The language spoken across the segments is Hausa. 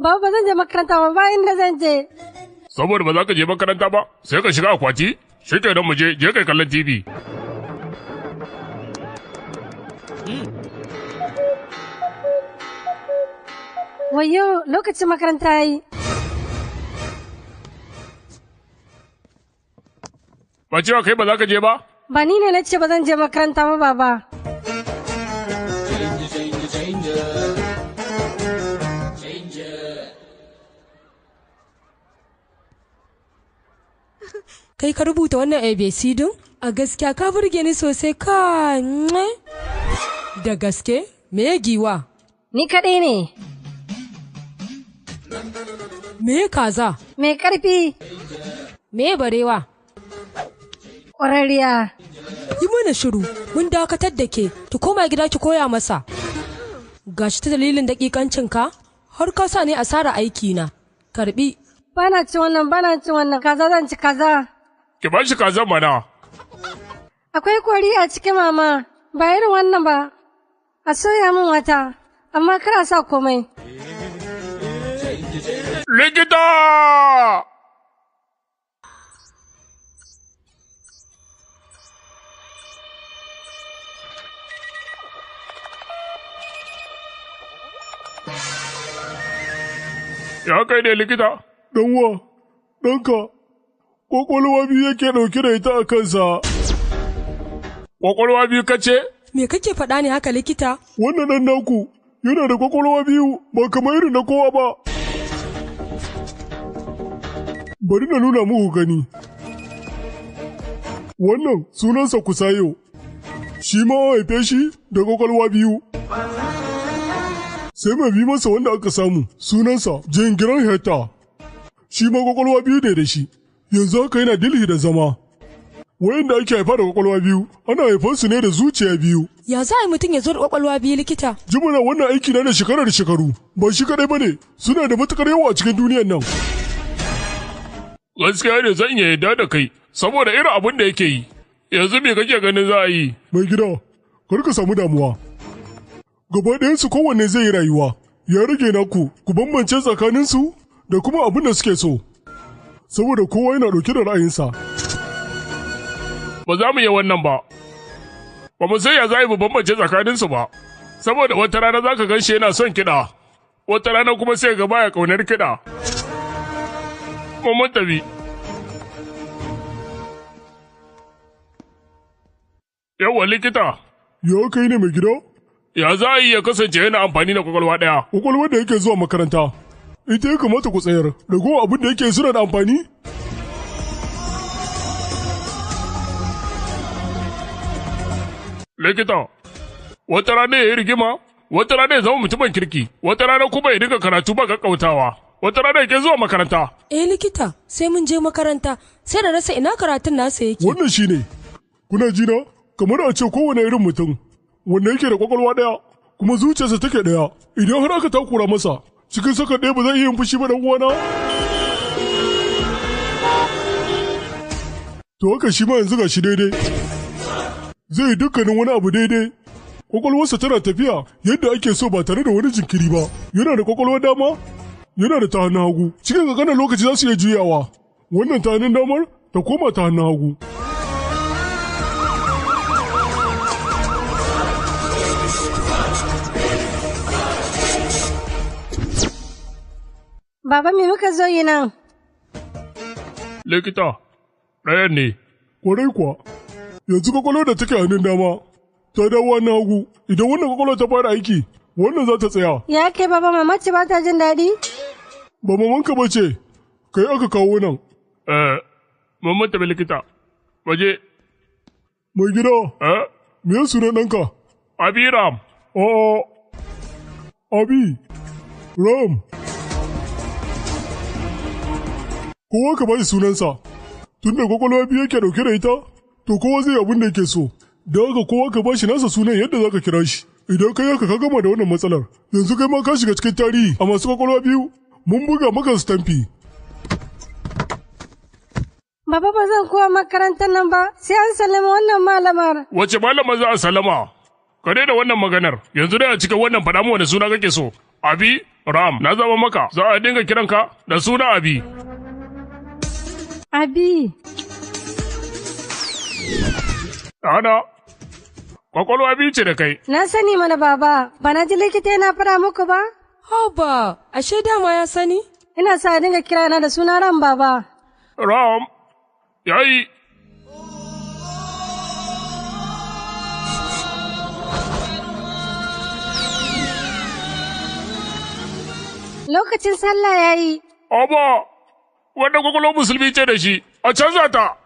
Ba ba zan je makaranta ba ba inda zan je. Saboda ba za ka je makaranta ba sai ka shiga akwati shi ke mu je je kai kallon TV. Hmm. Wayo lokacin makaranta ya yi. Ba cewa kai ba za ka je ba? Ba ni ne na ce ba zan je makaranta ba baba. kai ka rubuta wannan abc din a gaskiya ka burge ni sosai ka da gaske me ya giwa ni kaɗai ne me kaza me karfi? me barewa ƙwararriya yi mana shiru mun dakatar da ke ki koma gida ki koya masa gashi ta dalilin dakikancinka har ka sa ne asara aiki na karbi Bana ci wannan, bana ci wannan, kaza zan ci kaza. Ki ba shi kaza mana. Akwai kori a ciki mama, ba irin wannan ba. A soya min wata, amma kana sa komai. Likita! Ya kai ne likita. ɗanwa, ɗanka, ƙwaƙwalwa biyu yake ɗauke da ita a kansa. Ƙwaƙwalwa biyu ce? Me kake faɗa ne haka likita? Wannan ɗan naku yana da ƙwaƙwalwa biyu ba kamar irin na kowa ba. Bari na nuna muku gani. Wannan sunansa kusayo, shi ma haife shi da ƙwaƙwalwa biyu. Sai mai bi masa wanda aka samu sunansa jingiran hetta shi ma kwakwalwa biyu ne da shi yanzu haka yana dilhi da zama wayanda ake haifa da kwakwalwa biyu ana haifar su ne da zuciya biyu ya za a mutum ya zo da kwakwalwa biyu likita jimina wannan aiki na da shekarar shekaru ba shi kaɗai ba ne. suna da matukar yawa a cikin duniyar nan gaskiya ne zan iya yarda da kai saboda irin abin da yake yi yanzu me kake ganin za a yi mai gida kar ka samu damuwa gaba ɗayansu kowanne zai yi rayuwa ya rage naku ku bambance tsakaninsu da kuma abin da suke so, saboda kowa yana ɗauke da ra'ayinsa. Ba za mu yi wannan ba, ba mu sai ya za mu bambance tsakaninsu ba, saboda wata rana za ka gan shi yana son kiɗa, wata rana kuma sai ga baya ƙaunar kiɗa. Mun tafi. Yawwa likita. Ya kai ne mai gida? Ya za a iya kasance yana amfani da kwakwalwa ɗaya. Kwakwalwa da yake zuwa makaranta. ita ya kamata ku tsayar, ragowa abin da yake suna da amfani? Likita, wata rana ya yi rigima, wata rana ya zama mutumin kirki, wata rana kuma ya dinga karatu ba kakkautawa, wata rana yake zuwa makaranta. Eh likita, sai mun je makaranta, sai da rasa ina karatun nasa yake. Wannan shi ne, kuna jina, kamar a ce kowane irin mutum, wanda yake da kwakwalwa ɗaya, kuma zuciyarsa take ɗaya, idan har aka takura masa, cikin saka ɗaya ba zan iya yin fushi ba dan uwana to haka shi ma yanzu ga shi daidai zai yi dukkanin wani abu daidai kwakwalwarsa tana tafiya yadda ake so ba tare da wani jinkiri ba yana da kwakwalwar dama yana da ta hagu cikin ƙanƙanin lokaci za su iya juyawa wannan ta damar ta koma ta hagu Baba me muka zo yi nan? Likita, ɗayan ne. Kwarai kuwa, yanzu kwakwalwar da take hannun dama, ta dawo wannan hagu, idan wannan kwakwalwar ta fara aiki, wannan za ta tsaya. Ya ke baba mama ce ba ta jin daɗi? Ba mamanka ba ce, kai aka kawo nan. Eh, maman ta likita, waje. Mai gida. Eh? Me sunan ɗanka? Abi Ram. Oh, Abi Ram. kowa ka bashi sunansa tunda kwakwalwa biyu yake dauke da ita to kowa zai abin da yake so da haka kowa ka bashi nasa sunan yadda zaka kira shi idan kai haka ka gama da wannan matsalar yanzu kai ma ka shiga cikin tarihi a masu kwakwalwa biyu mun buga maka stamfi Baba ba zan kowa makarantar nan ba sai an salama wannan malamar. Wace malamar za a salama? Ka da wannan maganar yanzu da a cikin wannan faɗa mu wani suna kake so. Abi Ram na zama maka za a dinga kiranka da suna Abi. Abi. Ana, kwakwalo biyu ce da kai. Na sani mana baba, ba na ji likita yana fara muku ba? Hau ba, ashe dama ya sani? Ina sa dinga kira na da suna ran baba. Ram, yayi. Lokacin sallah yayi. Aba. wanda kwakwalwar musulmi ce da shi, a canza ta.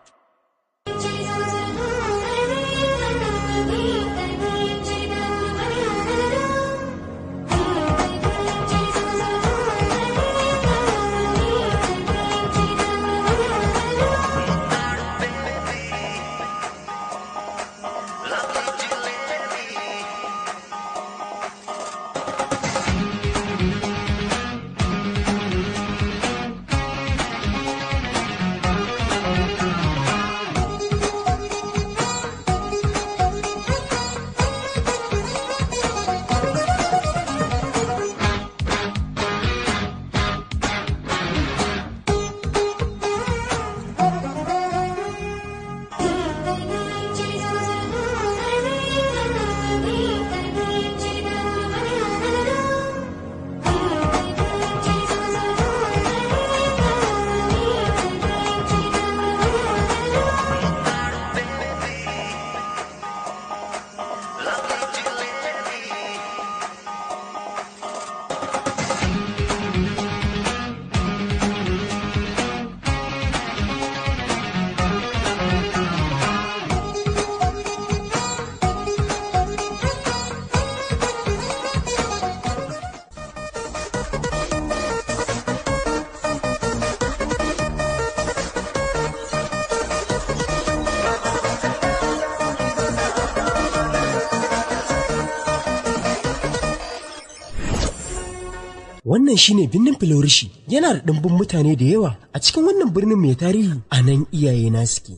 wannan shine birnin Filorishi yana da ɗimbin mutane da yawa a cikin wannan birnin mai tarihi a nan iyaye na suke.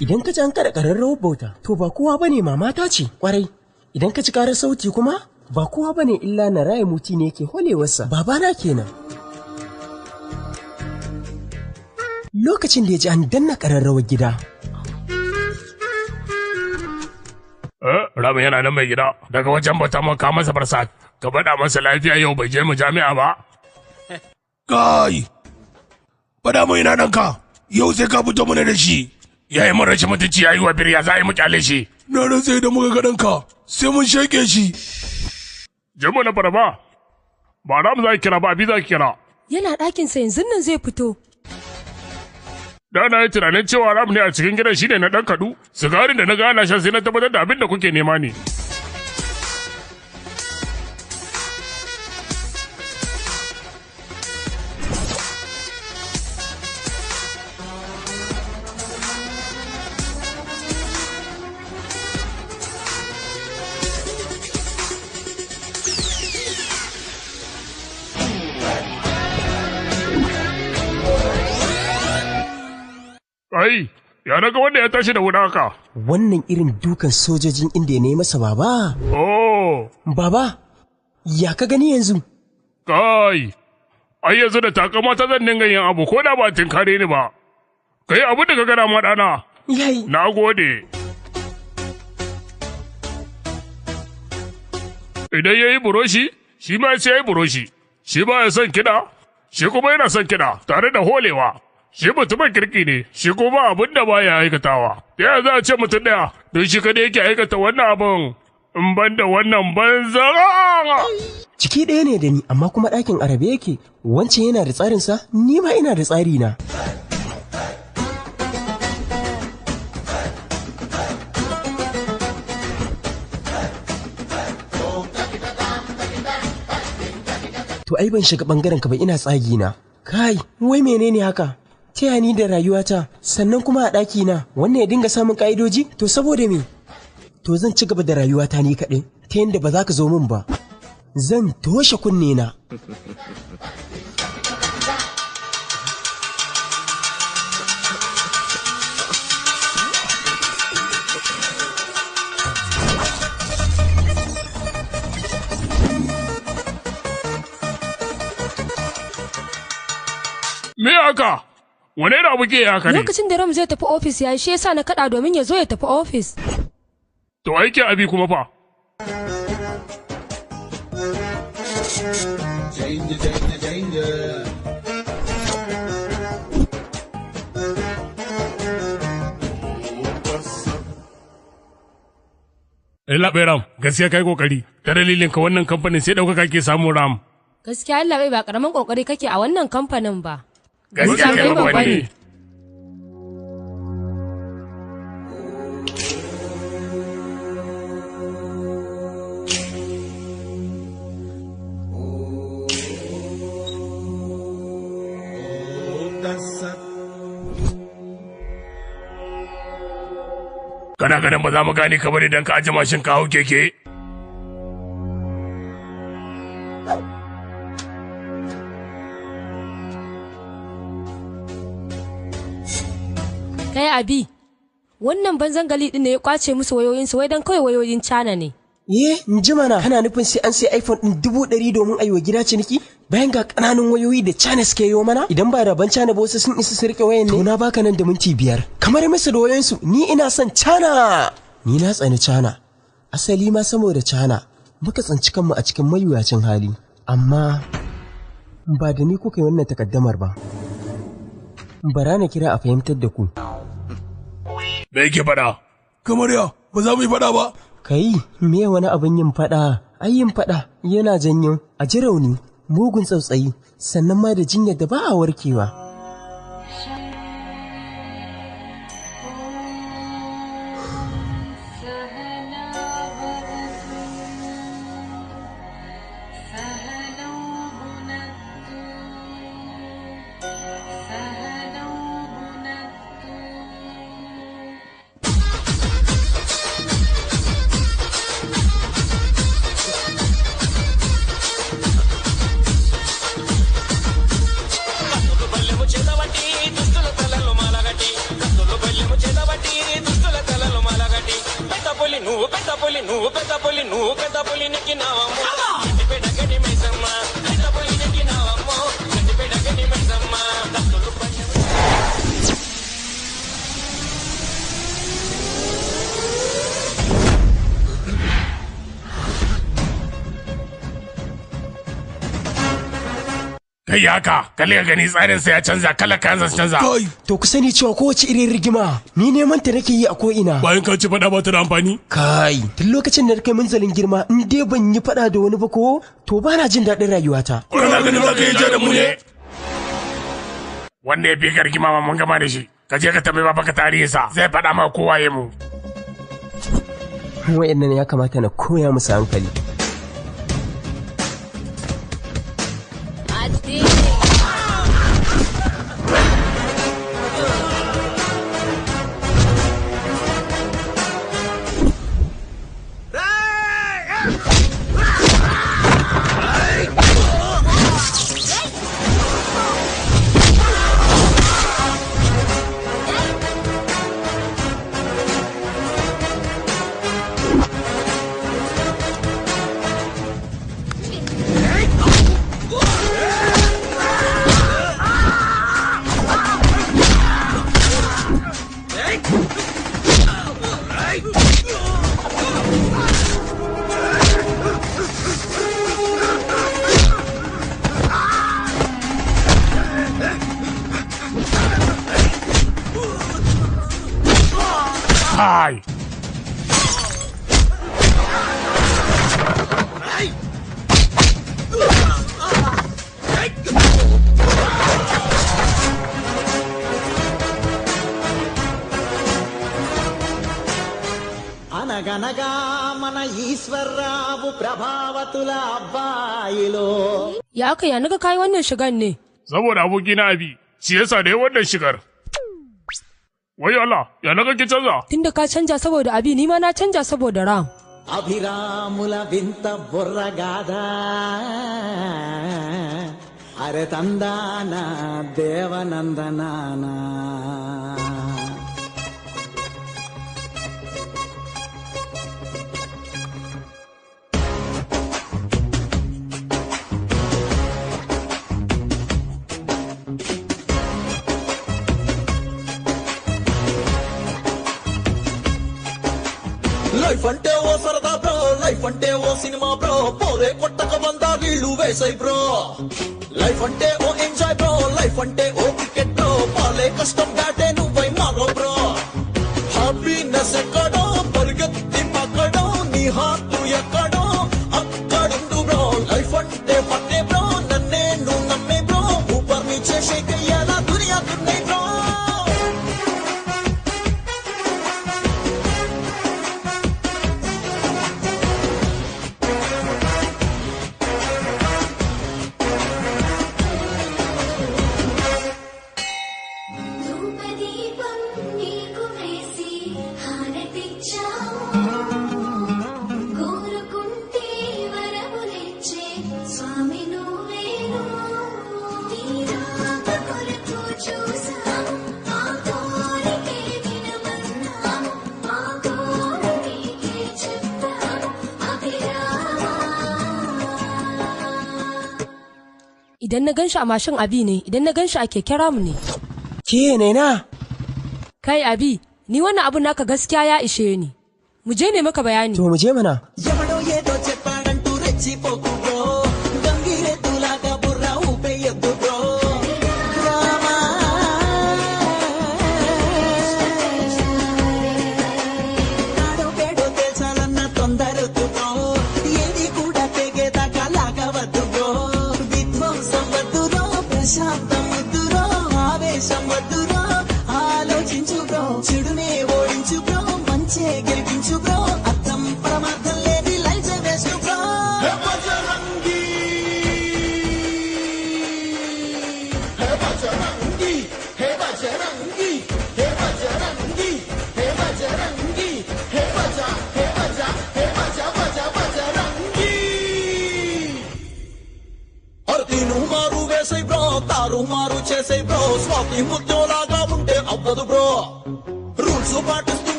Idan ka ji an kada ƙararrawar bauta, to ba kowa ba ne mamata ce kwarai. Idan ka ci ƙarar sauti kuma, ba kowa ba ne illa na raya muti ne ke holewarsa, babana kenan. Lokacin da ya ji an danna ƙararrawar gida, Ramin yana nan mai gida daga wajen bata mun ka masa barsa ka bada masa lafiya yau bai je mu jami'a ba. Kai! Faɗa mu ina ka yau sai ka fito mana da shi. Ya yi mun rashin mutunci ya yi wa birya za a yi mu kyale shi. Na rantse da muka ga ɗanka sai mun shaƙe shi. Jami'a na faraba ba Ram za ki kira ba bi za ki kira. Yana ɗakinsa yanzu nan zai fito. da na yi tunanin cewa haram ne a cikin gidan shi ne na dan kadu sigarin da na gana shan sai na tabbatar da abin da kuke nema ne Ya naga wanda ya tashi da wudaka. Wannan irin dukan sojojin inda ya nema masa baba. Oh. Baba, ya ka gani yanzu? Kai, ai yanzu da takama ta zan dinga yin abu ko da ba tinkare ni ba. Kai abu da ka gana ma ɗana. Yayi. Na gode. Idan ya yi buroshi, shi ma ce ya yi buroshi. Shi ba ya son kiɗa, shi kuma yana son kiɗa tare da holewa. shi mutumin kirki ne shi kuma abin da baya aikatawa ya za a ce mutum ɗaya don shi kada yake aikata wannan abin in ban da wannan banza ciki ɗaya ne da ni amma kuma ɗakin arabe yake wancan yana da tsarinsa ni ma ina da tsari na To ai ban shiga bangaren ka ba ina tsagi na. Kai, wai menene haka? taya ni da rayuwata sannan kuma a ɗaki na wannan ya dinga samun ƙa'idoji to saboda me to zan ci gaba da rayuwata ni kaɗai ta yadda ba za ka zo min ba zan toshe kunne na Me wane da abu ke ya kare lokacin da ram zai tafi ofis ya shi yasa na kada domin ya zo ya tafi ofis to aiki abi kuma fa Danger, danger, eh, Ram, gaskiya kai kokari. Ta dalilin ka wannan kamfanin sai ɗaukaka ke samu Ram. Gaskiya bai ba karaman kokari kake a wannan kamfanin ba. gaskiya kai babba ne kana ganin ba za mu gane ka idan don ka aji mashin ka hau keke abi wannan banzan gali din ne ya kwace musu wayoyinsu wai dan kawai wayoyin cana ne ye eh, in ji mana kana nufin sai an sai iphone din dubu ɗari domin a yi wa gida ciniki bayan ga ƙananan wayoyi da cana suke yi mana idan ba rabon cana ba wasu sun isa su riƙe wayan ne to na baka nan da minti biyar kamar masu da wayoyinsu ni ina son cana ni na tsani cana asali ma saboda cana muka tsanci kanmu a cikin mayuwacin hali amma ba da ni kuka yi wannan takaddamar ba bara na kira a fahimtar da ku Me yake faɗa? Kamar ya, ba za mu yi faɗa ba. Kai, me wani abin yin faɗa? Ai yin faɗa yana janyo a ji rauni, mugun tsautsayi, sannan ma da jinyar da ba a warkewa. haka kalli ka gani tsarin sa ya canza kala kayan sa canza to ku sani cewa kowace irin rigima ni neman ta nake yi a ko ina bayan ka ci fada ba ta da amfani kai tun lokacin da kai munzalin girma in dai ban yi fada da wani ba ko to ba na jin daɗin rayuwata kana ganin za ka yi da mu ne wanda ya fi rigima ma mun gama da shi ka je ka tambayi baka tarihi sa zai fada ma kowa ya mu wa'annan ya kamata na koya musu hankali aka ya naga kai wannan shigan ne? Saboda abokina abi, shi yasa da wannan shigar. Wai Allah, ya naga ki canza? Tunda ka canja saboda abi, ni ma na canja saboda ram. అభిరాముల వింత బుర్రగాదా అరే తందానా దేవనందనానా లైఫ్ అంటే ఓ సరదా bro life అంటే ఓ సినిమా బ్రో పోరే కొట్టక వంద వీళ్ళు వేసై బ్రో లైఫ్ అంటే ఓ ఎంజాయ్ బ్రో లైఫ్ అంటే ఓ క్రికెట్ బ్రో పాలే కష్టం దాటే నువ్వై మారో బ్రో హ్యాపీనెస్ ఎక్కడో పరిగెత్తి పక్కడో నీ heart idan na gan shi a mashin abi ne idan na gan shi a keke ramu ne ke ne na kai abi ni wannan abun naka gaskiya ya ishe ni mu je ne maka bayani to mu je mana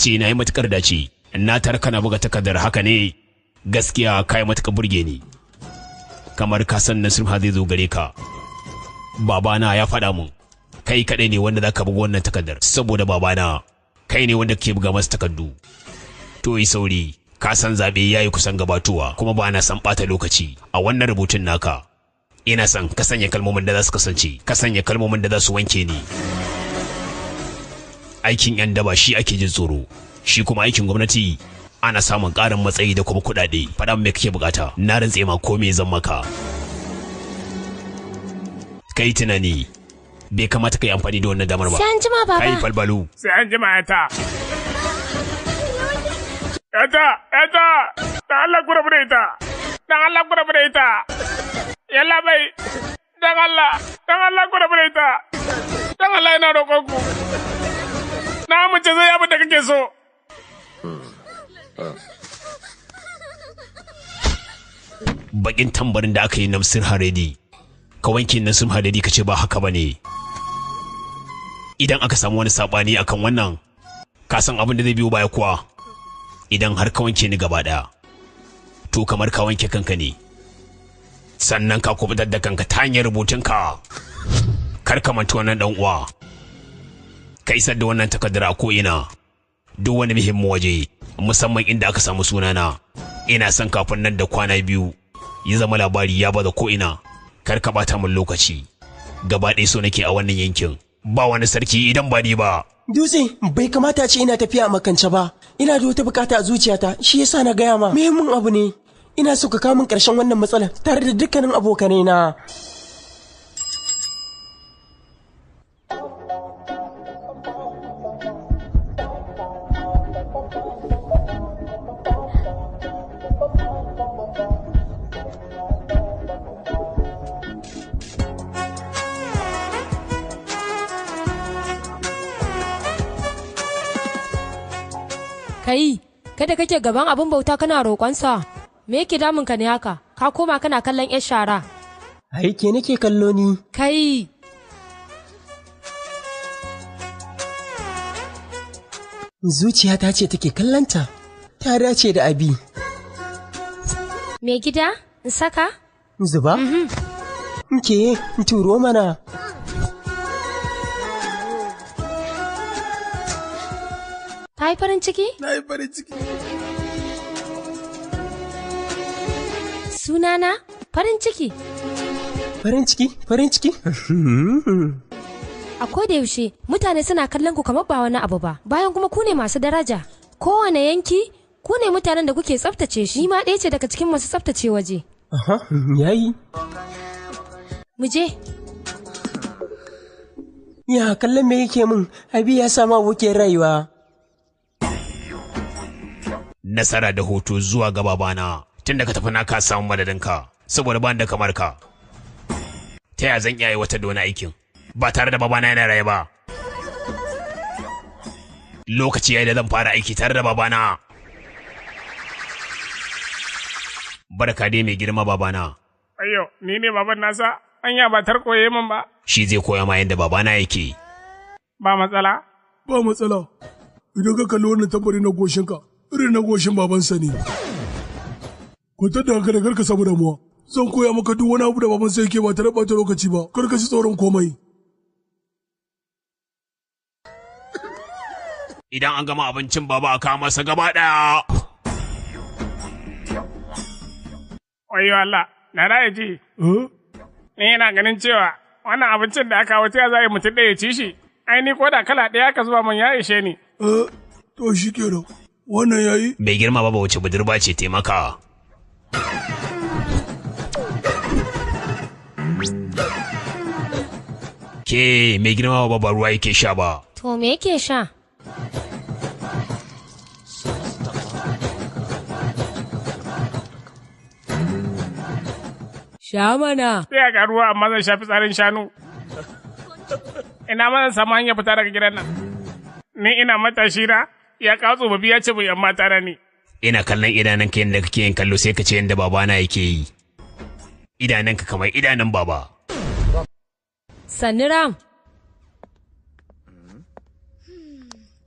ce na yi matukar dace na tar kana buga takardar haka ne gaskiya ka yi matukar burge ni kamar ka san nasiru ha zai zo gare ka babana ya faɗa mun kai kaɗai ne wanda za ka buga wannan takardar saboda babana kai ne wanda ke buga masu takardu to yi sauri ka san zaɓe ya yi kusan gabatowa kuma ba na san ɓata lokaci a wannan rubutun naka ina son ka sanya kalmomin da za su kasance ka sanya kalmomin da za su wanke ni. aikin yan daba shi ake jin tsoro shi kuma aikin gwamnati ana samun ƙarin matsayi da kuma kuɗaɗe faɗa me kake bukata na rantse ma ko me zan maka kai tunani bai kamata ka yi amfani da wannan damar ba. Sai an jima baba. Kai falbalu. Sai an jima ta. Yata, yata, da Allah gura bude da ita. Dan Allah gura bude ita. Yalla bai. Dan Allah, dan Allah gura bude ita. Dan Allah yana roƙon ku. Na amince zai abin da kake so. Bakin tambarin da aka yi na namsin haredi, ka wanke sun haredi ka ce ba haka ba ne. Idan aka samu wani saɓani akan wannan, ka san abin da zai biyo baya kuwa. Idan har ka wanke ni gaba ɗaya, to kamar ka wanke kanka ne. Sannan ka kubutar da kanka ta hanyar rubutunka. Kar ka manta wannan ɗan uwa. ka isar da wannan takardar a ko'ina duk wani muhimmin waje musamman inda aka samu sunana ina son kafin nan da kwana biyu ya zama labari ya baza ko'ina kar ka bata min lokaci gaba ɗaya so nake a wannan yankin ba wani sarki idan ba ni ba dutse bai kamata ce ina tafiya a makance ba ina da wata bukata a zuciyata shi yasa na gaya ma muhimmin abu ne ina so ka kawo min ƙarshen wannan matsalar tare da dukkanin abokanai na kai Kada kake gaban abin bauta kana roƙonsa me yake damun ka ne haka ka koma kana kallon yar shara ai ke nake kallo ni kai zuciya ta ce take kallanta ta dace da abi me gida in saka zuba mhm. ke turo mana yi farin ciki? Na yi farin ciki. Sunana farin ciki. Farin ciki, farin ciki. A koda yaushe mutane suna kallon ku kamar ba wani abu ba, bayan kuma ku ne masu daraja. Kowane yanki ku ne mutanen da kuke tsaftace shi, ma ɗaya ce daga cikin masu tsaftace waje. Aha, yayi. Mu je. Ya kallon me yake min, abi ya sama abokin rayuwa. nasara da hoto zuwa ga babana tun da ka tafi naka ka samu madadinka saboda bani da kamar ka ta yaya zan iya wata dona aikin ba tare da babana yana raye ba lokaci yayi da zan fara aiki tare da babana barka dai mai girma babana ayyo ni ne baban nasa anya ba koye min ba shi zai koya ma yadda babana yake ba matsala ba matsala idan ka kalli wannan tambari na goshinka irin na goshin babansa ne. Kwantar da hankali kar ka samu damuwa. Zan koya maka duk wani abu da babansa yake ba tare ɓata lokaci ba, kar ka tsoron komai. Idan an gama abincin baba a kama sa gaba ɗaya. Wayo Allah, na da ji. Ni yana ganin cewa wannan abincin da aka za a yi mutum ɗaya ya ci shi. Ai ni ko da kala ɗaya ka zuba man ya ishe ni. To shi kenan. wannan yayi bai girma ba wace budurba ce taimaka ke mai girma ba ba ruwa yake sha ba to me yake sha Sha mana. Sai ga ruwa amma zan shafi tsarin shanu. Ina mana saman ya fita daga gidan nan. Ni ina matashi na. ya kawo tsofaffi ya ce mu yan mata na ne. Ina kallon ka yadda kake yin kallo sai ka ce yadda babana yake yi. ka kamar idanun baba. Sanni Ram.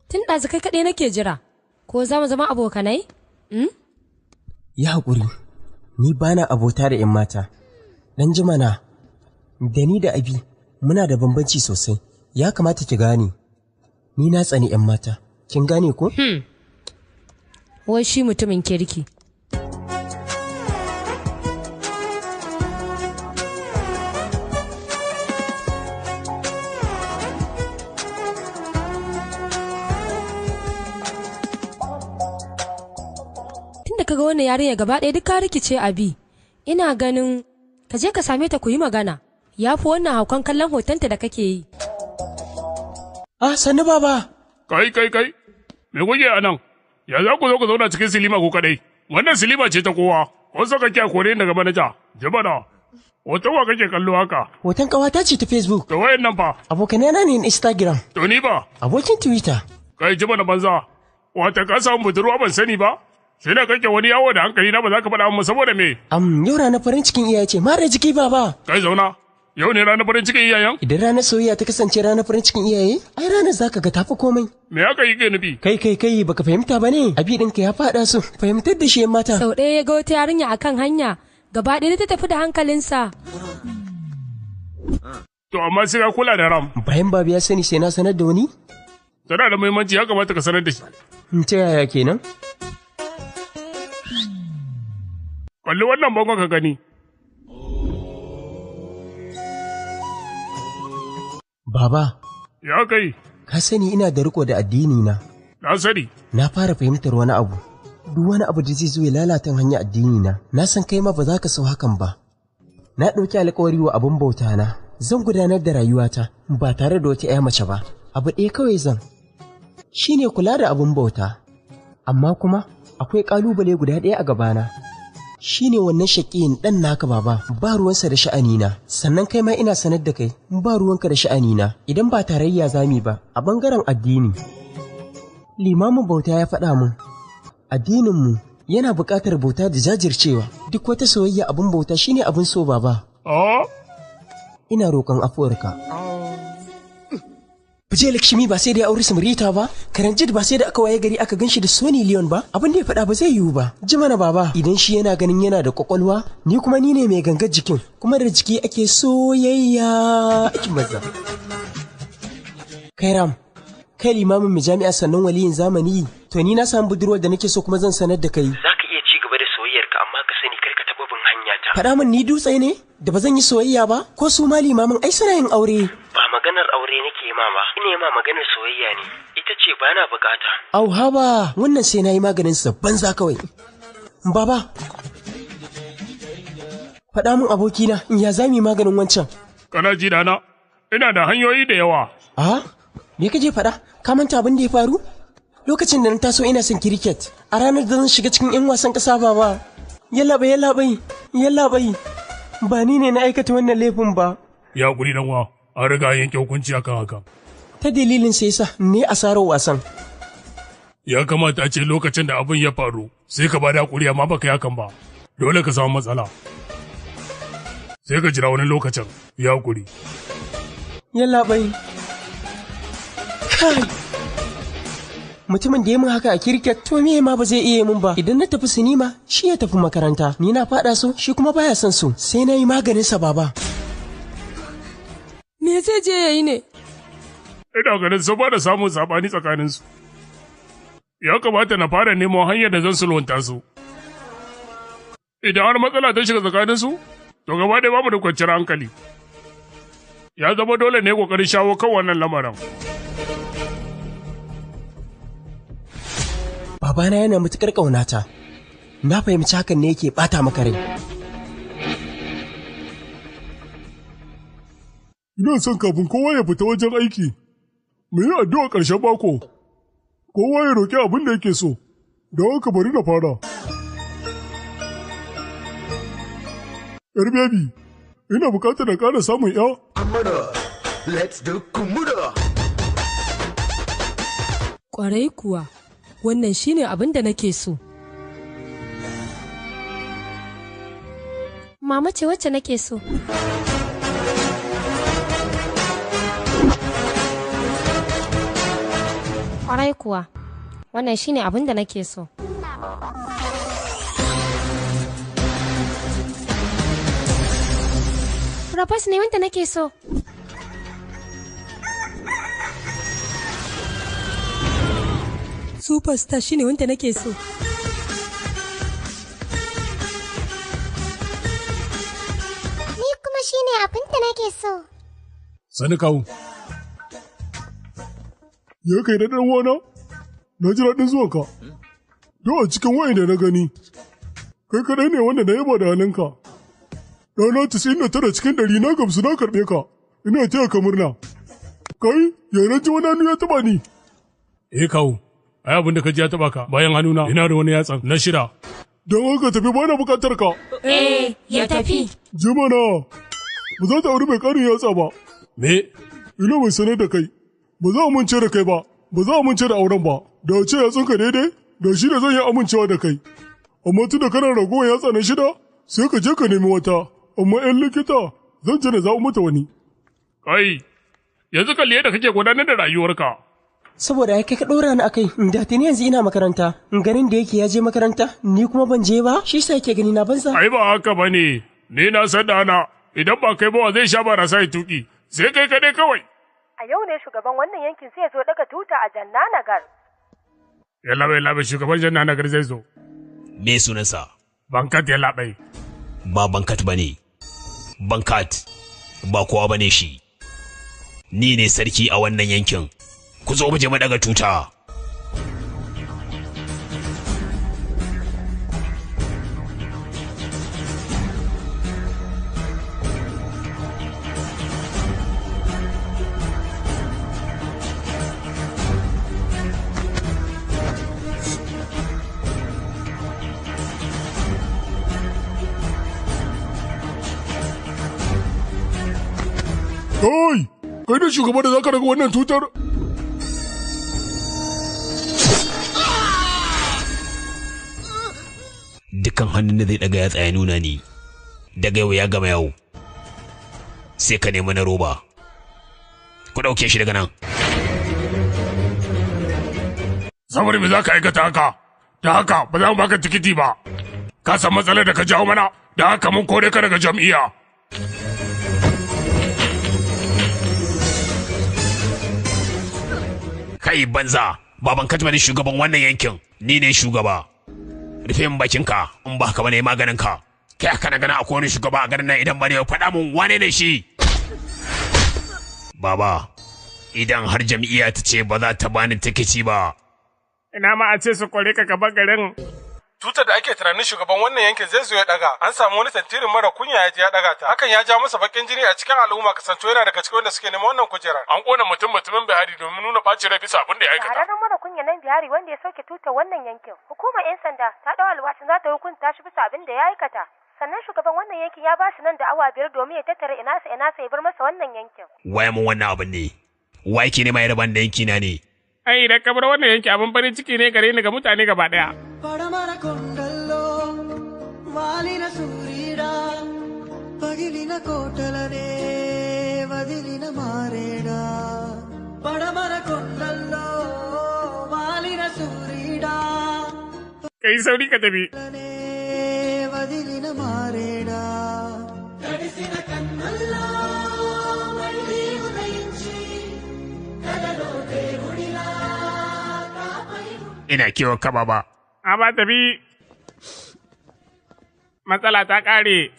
Tun ɗazu kai kaɗai nake jira, ko za mu zama abokanai? Hmm? Ya haƙuri, ni bana abota da ‘yan mata, ɗan jima na, da ni da abi muna da bambanci sosai, ya kamata ki gane, ni na tsani ‘yan mata. kin gane ko hmm. wai shi mutumin kirki Tunda kaga wannan yarinya gaba ɗaya duk ka rikice abi ina ganin ka je ka same ta ku yi magana ya fi wannan haukan kallon hotonta da kake yi. Ah, sani baba. Kai, kai, kai, me kuke a nan, ya za ku zo ku zauna cikin silima ku kaɗai, wannan silima ce ta kowa, wasu kake a kore daga manaja, jibana. Hoton wa kake kallo haka? Hoton kawata ce ta Facebook. To wayan nan fa? Abokanai na ne Instagram. To ni ba? Abokin Twitter. Kai ji mana banza. Wata ka samu budurwa ban sani ba? Sai na kake wani yawo da hankali na ba za ka faɗa mu saboda me? Am yau na farin cikin iyaye ce mara jiki baba. Kai zauna. Yau ne ranar farin cikin iyayen? Idan ranar soyayya ta kasance ranar farin cikin iyaye, ai ranar zaka ga tafi komai. Me aka yi nufi? Kai kai kai baka fahimta ba ne? Abi ɗinka ya faɗa su, fahimtar da shi ya mata. Sau ɗaya ya ga wata yarinya akan hanya, gaba ɗaya ta tafi da hankalinsa. To amma sai ka kula da ram. Bayan babu ya sani sai na sanar da wani? Tana da muhimmanci ya kamata ka sanar da shi. Hmm, ta yaya kenan? Kalli wannan bangon ka gani. Baba. Ya kai. Ka sani ina da riko da addini na. Na sani. Na fara fahimtar wani abu. Duk wani abu da zai zo ya lalata hanyar addini na. Na san kai ma ba za ka so hakan ba. Na ɗauki alƙawari wa abin bauta na. Zan gudanar da rayuwata ba tare da wata 'ya mace ba. Abu ɗaya kawai zan. Shi ne kula da abin bauta. Amma kuma akwai ƙalubale guda ɗaya a gabana. shine wannan shaƙiyin ɗan naka baba ba ruwansa da sha'anina sannan kai ma ina sanar da kai ba ruwanka da sha'anina idan ba tarayya zami ba a bangaren addini limamin bauta ya faɗa min mu yana buƙatar bauta da jajircewa duk wata soyayya abin bauta shine abin so baba oh. ina roƙon afuwarka oh. Vijay Lakshmi ba sai da ya auri Smrita ba, Karanjit ba sai da aka waye gari aka ganshi da Sony Leon ba, abin da ya faɗa ba zai yiwu ba. Ji mana baba, idan shi yana ganin yana da kwakwalwa, ni kuma ni ne mai gangar jikin, kuma da jiki ake soyayya. maza. Kai Ram, kai limamin Mai jami'a sannan waliyin zamani, to ni na samu budurwar da nake so kuma zan sanar da kai. Za ka iya ci gaba da soyayyar ka amma ka sani kar ka taɓa bin hanya ta. Faɗa min ni dutse ne? Da ba zan yi soyayya ba? Ko su ma limamin ai suna yin aure. ba maganar aure nake ma ba ina ma maganar soyayya ne ita ce ba na bukata au haba wannan sai nayi maganin sa banza kawai baba faɗa min abokina ya zami maganin wancan kana ji dana ina da hanyoyi da yawa a me kaje faɗa ka manta abin da ya faru lokacin da na taso ina son kiriket. a ranar da zan shiga cikin yan wasan ƙasa baba yallaɓai yalla bai ba ni ne na aikata wannan laifin ba ya guri nan wa an riga yanke hukunci akan haka. Ta dalilin sai sa ne asarar wasan. Ya kamata a ce lokacin da abin ya faru sai ka ba da hakuri amma baka kan ba. Dole ka samu matsala. Sai ka jira wani lokacin ya hakuri. Yalla bai. Kai. Mutumin da ya min haka a kirkiyar to me ma ba zai iya min ba. Idan na tafi sinima shi ya tafi makaranta. Ni na faɗa su shi kuma baya son su. Sai na yi maganin sa baba. Me zai je ya yi ne? Ina ganin sun da samun sabani tsakaninsu. Ya kamata na fara neman hanyar da zan sulwanta su. Idan har matsala ta shiga tsakaninsu, to gaba ɗaya bamu da kwanciyar hankali. Ya zama dole ne ƙoƙarin shawo kan wannan lamarin. Babana yana matuƙar ƙaunata. Na fahimci hakan ne yake ɓata maka rai. Ina son kafin kowa ya fita wajen aiki, mu yi addu'a ƙarshen mako, kowa ya roƙi abin da yake so, da wanka bari na fara. ‘Yar ina bukatar da ƙara samun ‘ya? Kumura, let's do kumuda! Ƙwarai kuwa, wannan shi ne abin da nake so. Mama ce wacce nake so. Kwarai kuwa, wannan shine abin da nake so. Propose ne wanda nake so. Superstar shine wanda nake so. Ni kuma shine abin da nake so. Sani kawo. ya kai da ɗan wana? Na ji zuwa ka Don a cikin wayan da na gani, kai kaɗai ne wanda na yaba da halinka. Rana tisa'in da tara cikin ɗari na gamsu na karɓe ka, ina taya ka murna. Kai, yare ji wani hannu ya taɓa ni. Eh kawo, ai abin da ka ji ya taɓa ka bayan hannuna ina da wani yatsan na shida. Don haka tafi ba na bukatar ka. Eh, ya tafi. Jimana, ba za ta auri mai ƙarin yatsa ba. Me? Ina mai sanar da kai. ba za amince da kai ba ba za amince da auren ba da ce tsinka daidai da shi da zan yi amincewa da kai amma tun da kana ragowar yatsa na shida sai ka je ka nemi wata amma yan likita zan je na zaɓi mata wani. kai yanzu kalli yadda kake gudanar da rayuwarka. saboda kai ka ɗora ni a kai, da tuni yanzu ina makaranta ganin da yake ya je makaranta ni kuma ban je ba shi sa yake gani na banza. ai ba haka ba ne ni na san da idan ba kai ba zai sha barasa ya tuki sai kai kaɗai kawai. a yau ne shugaban wannan yankin zai zo daga tuta a Jannanagar. Yallaɓai labe, shugaban Jannanagar zai zo. Me sunansa? Bankat ya labe. Ba bankat ba ne. Bankat ba kowa ba ne shi. Ni ne sarki a wannan yankin. Ku zo mu je mu daga tuta. shugaba da zaka daga wannan tutar. dukan hannun da zai daga ya tsaya nuna ni daga yau ya gama yau sai ka nemi na roba ku ɗauke shi daga nan saboda me za ka aikata haka da haka ba za mu baka tikiti ba ka san matsalar da ka jawo mana da haka mun kore ka daga jam'iyya kai banza baban kajma ne shugaban wannan yankin ni ne shugaba rufe min bakinka in ba ka bane maganin ka kai haka na gana akwai wani shugaba a garin nan idan bane faɗa mun wane ne shi baba idan har jam'iyya ta ce ba za ta bani tikici ba ina ma a ce su kore ka gaba garin tutar da ake tunanin shugaban wannan yankin zai zo ya daga an samu wani tantirin mara kunya ya je ya daga ta hakan ya ja masa bakin jini a cikin al'umma kasanto yana daga cikin wanda suke neman wannan kujerar an kona mutum mutumin bihari domin nuna bacin rai bisa abin da ya aikata haranan mara kunya nan bihari wanda ya soke tutar wannan yankin hukumar yan sanda ta dau alwashin za ta hukunta shi bisa abin da ya aikata sannan shugaban wannan yankin ya ba shi nan da awa biyar domin ya tattara ina sa ina sa ya bar masa wannan yankin Waye mun wannan abin ne wai ke ne mai da yanki na ne ai da kabar wannan yanki abin farin ciki ne gare ni ga mutane gaba daya వాలిన సూర్యుడా పగిలిన కోటలనే వదిలిన మారేడా పడమర కొండల్లో వాలిన సూర్యుడా కైసౌడి కదవి వదిలిన మారేడా తడిసిన కన్నుల్లో మళ్ళీ ఉదయించి కలలో దేవుడిలా matsala ta ƙare.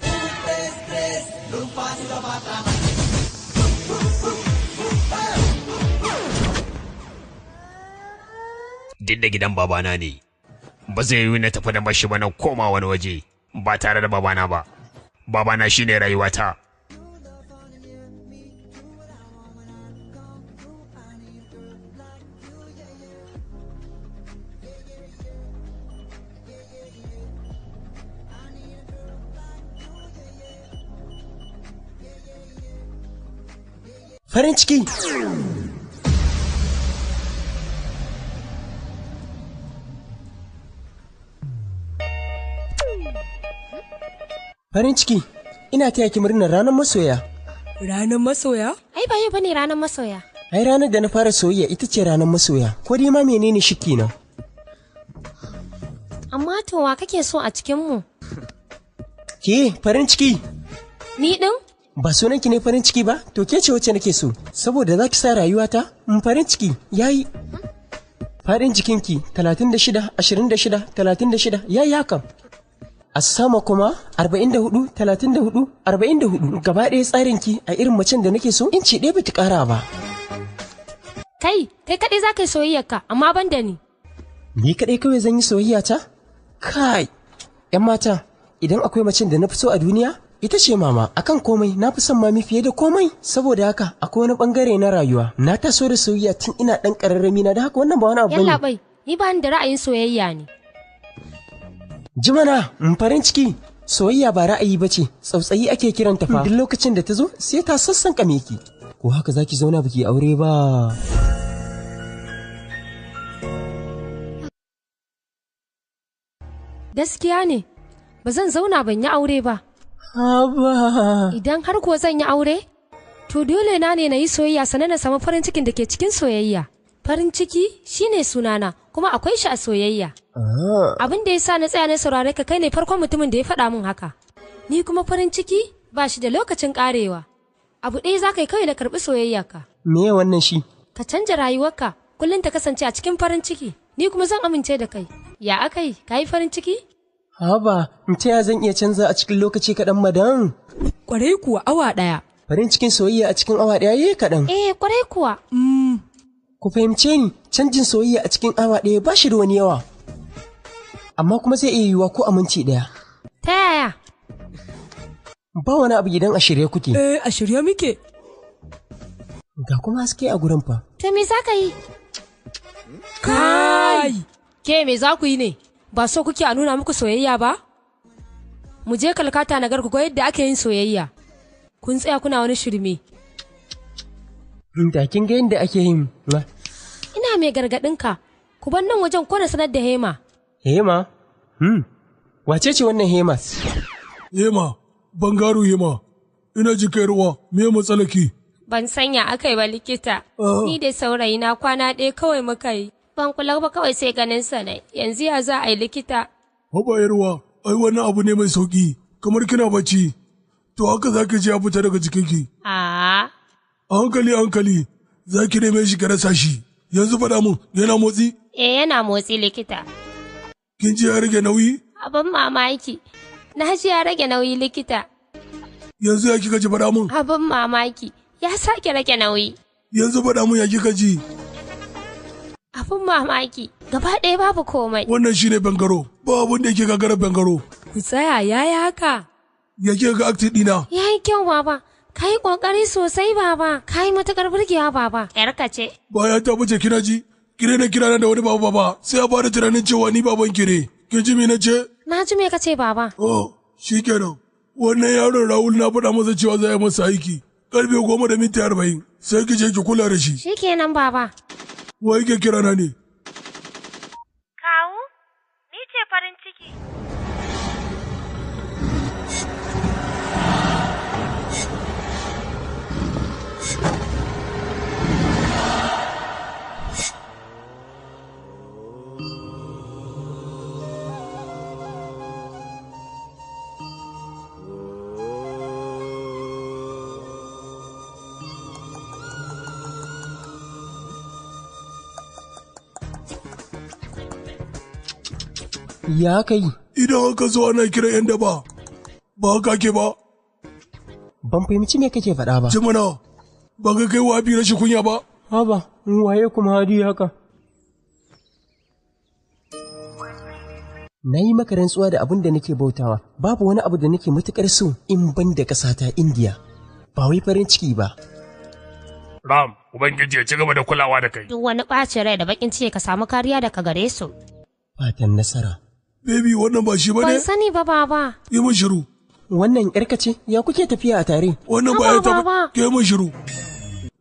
Duk da gidan babana ne, ba zai yi na tafi da mashi ba na koma wani waje ba tare da babana ba. Babana shi ne rayuwata. farin ciki farin ciki ina taya ki murnar ranar masoya ranar masoya ai ba yau bane ranar masoya ai ranar da na fara soyayya ita ce ranar masoya ko dai ma menene shi kina amma to wa kake so a cikin mu ke farin ciki ni din ba sunan ki ne farin ciki ba to ke ce wacce nake so saboda za ki sa rayuwata in farin ciki yayi farin ki 36 26 36 yayi hakan a sama kuma 44 34 44 gaba ɗaya tsarinki a irin macen da nake so inci ɗaya bata ƙara ba kai kai kaɗai za ka yi soyayyarka amma ban da ni ni kaɗai kawai zan yi soyayya ta kai 'yan mata idan akwai macen da na fi so a duniya ita ce mama akan komai na fi son mami fiye da komai saboda haka akwai wani bangare na rayuwa na taso da soyayya tun ina dan kararrami na da haka wannan ba wani abu bane yallaɓai ni ba ni da ra'ayin soyayya ne jimana mm, farin ciki soyayya ba ra'ayi bace tsautsayi ake kiranta fa mm, duk lokacin da ta zo sai ta sassanka meki ko haka zaki zauna biki aure ba gaskiya ne ba zan zauna ban yi aure ba Haba. Idan har kuwa zan yi aure, to dole na ne na yi soyayya sannan na samu farin cikin da ke cikin soyayya. Farin ciki shine sunana kuma akwai shi a soyayya. Ah. Abin da ya sa na tsaya na saurare ka kai ne farkon mutumin da ya faɗa min haka. Ni kuma farin ciki ba shi da lokacin ƙarewa. Abu ɗaya za ka yi kawai na karɓi soyayya ka. Me wannan shi? Ka canja rayuwarka kullum ta kasance a cikin farin ciki. Ni kuma zan amince da kai. Ya aka yi ka yi farin ciki? Haba, ta ya zan iya canza a cikin lokaci kaɗan madan? Kwarai kuwa awa ɗaya. Farin cikin soyayya a cikin awa ɗaya ya kaɗan. Eh, kwarai kuwa. Mm. Ku fahimce ni, canjin soyayya a cikin awa ɗaya ba shi da wani yawa. Amma kuma zai iya yiwuwa ko a minti ɗaya. Ta yaya? Ba wani abu idan a shirye kuke. Eh, a shirye muke. Ga kuma haske a gurin fa. To me za ka yi? Kai! Ke me za ku yi ne? ba so kuke a nuna muku soyayya ba? Mu je kalkata na garku yadda ake yin soyayya. Kun tsaya kuna wani shirme. Da kin ga yadda ake yin Ina mai gargaɗinka, ku ban nan wajen kone sanar da Hema. Hema? Hmm. Wace ce wannan Hema? Hema, Bangaru Hema, ina jikayarwa, me matsalaki? Ban sanya aka yi ba likita, ah. ni da saurayina kwana ɗaya kawai muka yi. ban kula ba kawai sai ganin sa ne, yanzu ya za a yi likita. Haba yarwa, ai wannan abu ne mai sauki, kamar kina bacci, to haka za ki ji ya fita daga ki? A hankali hankali, za ki neme shi ka rasa shi, yanzu faɗa mu yana motsi? Eh yana motsi likita. Kin ji ya rage nauyi? Abin mamaki, na ji ya rage nauyi likita. Yanzu ya kika ji faɗa mun? Abin mamaki, ya sake rage nauyi. Yanzu faɗa mun ya kika ji. Abin mamaki, gaba ɗaya babu komai. Wannan shine bangaro, ba abin da yake gagarar bangaro. Ku tsaya ya yi haka. Ya ke ga akti ɗina. Ya yi kyau baba, ka yi ƙoƙari sosai baba, ka yi matuƙar burgewa baba. ka ce. Baya ta wuce kina ji, kire na kira da wani babu baba, sai a bada tunanin cewa ni baban kire. Kin ji me na ce? Na ji me ka ce baba. Oh, shi kenan. Wannan yaron Rahul na faɗa masa cewa za a yi masa aiki. Karfe goma da minti arba'in, sai ki je ki kula da shi. Shi kenan baba. Wa yake kira na ne? Ya kai. Idan aka zo ana kira ‘yan daba, ba haka ke ba. Ban fahimci me kake faɗa ba. Jimina, ba ka kai wa abi rashin kunya ba. Haba, waye kuma hadi haka. na yi maka rantsuwa da abin da nake bautawa babu wani abu da nake matuƙar so in ban da ƙasata indiya ba wai farin ciki ba ram ubangiji ya ci gaba da kulawa da kai duk wani ɓacin rai da bakin ciki ka samu kariya daga gare su fatan nasara Baby wannan ba shi ba ne? Ban sani ba baba. Yi mun shiru. Wannan ƴarka ce? Ya kuke tafiya a tare? Wannan ba ya taɓa. Ke mun shiru.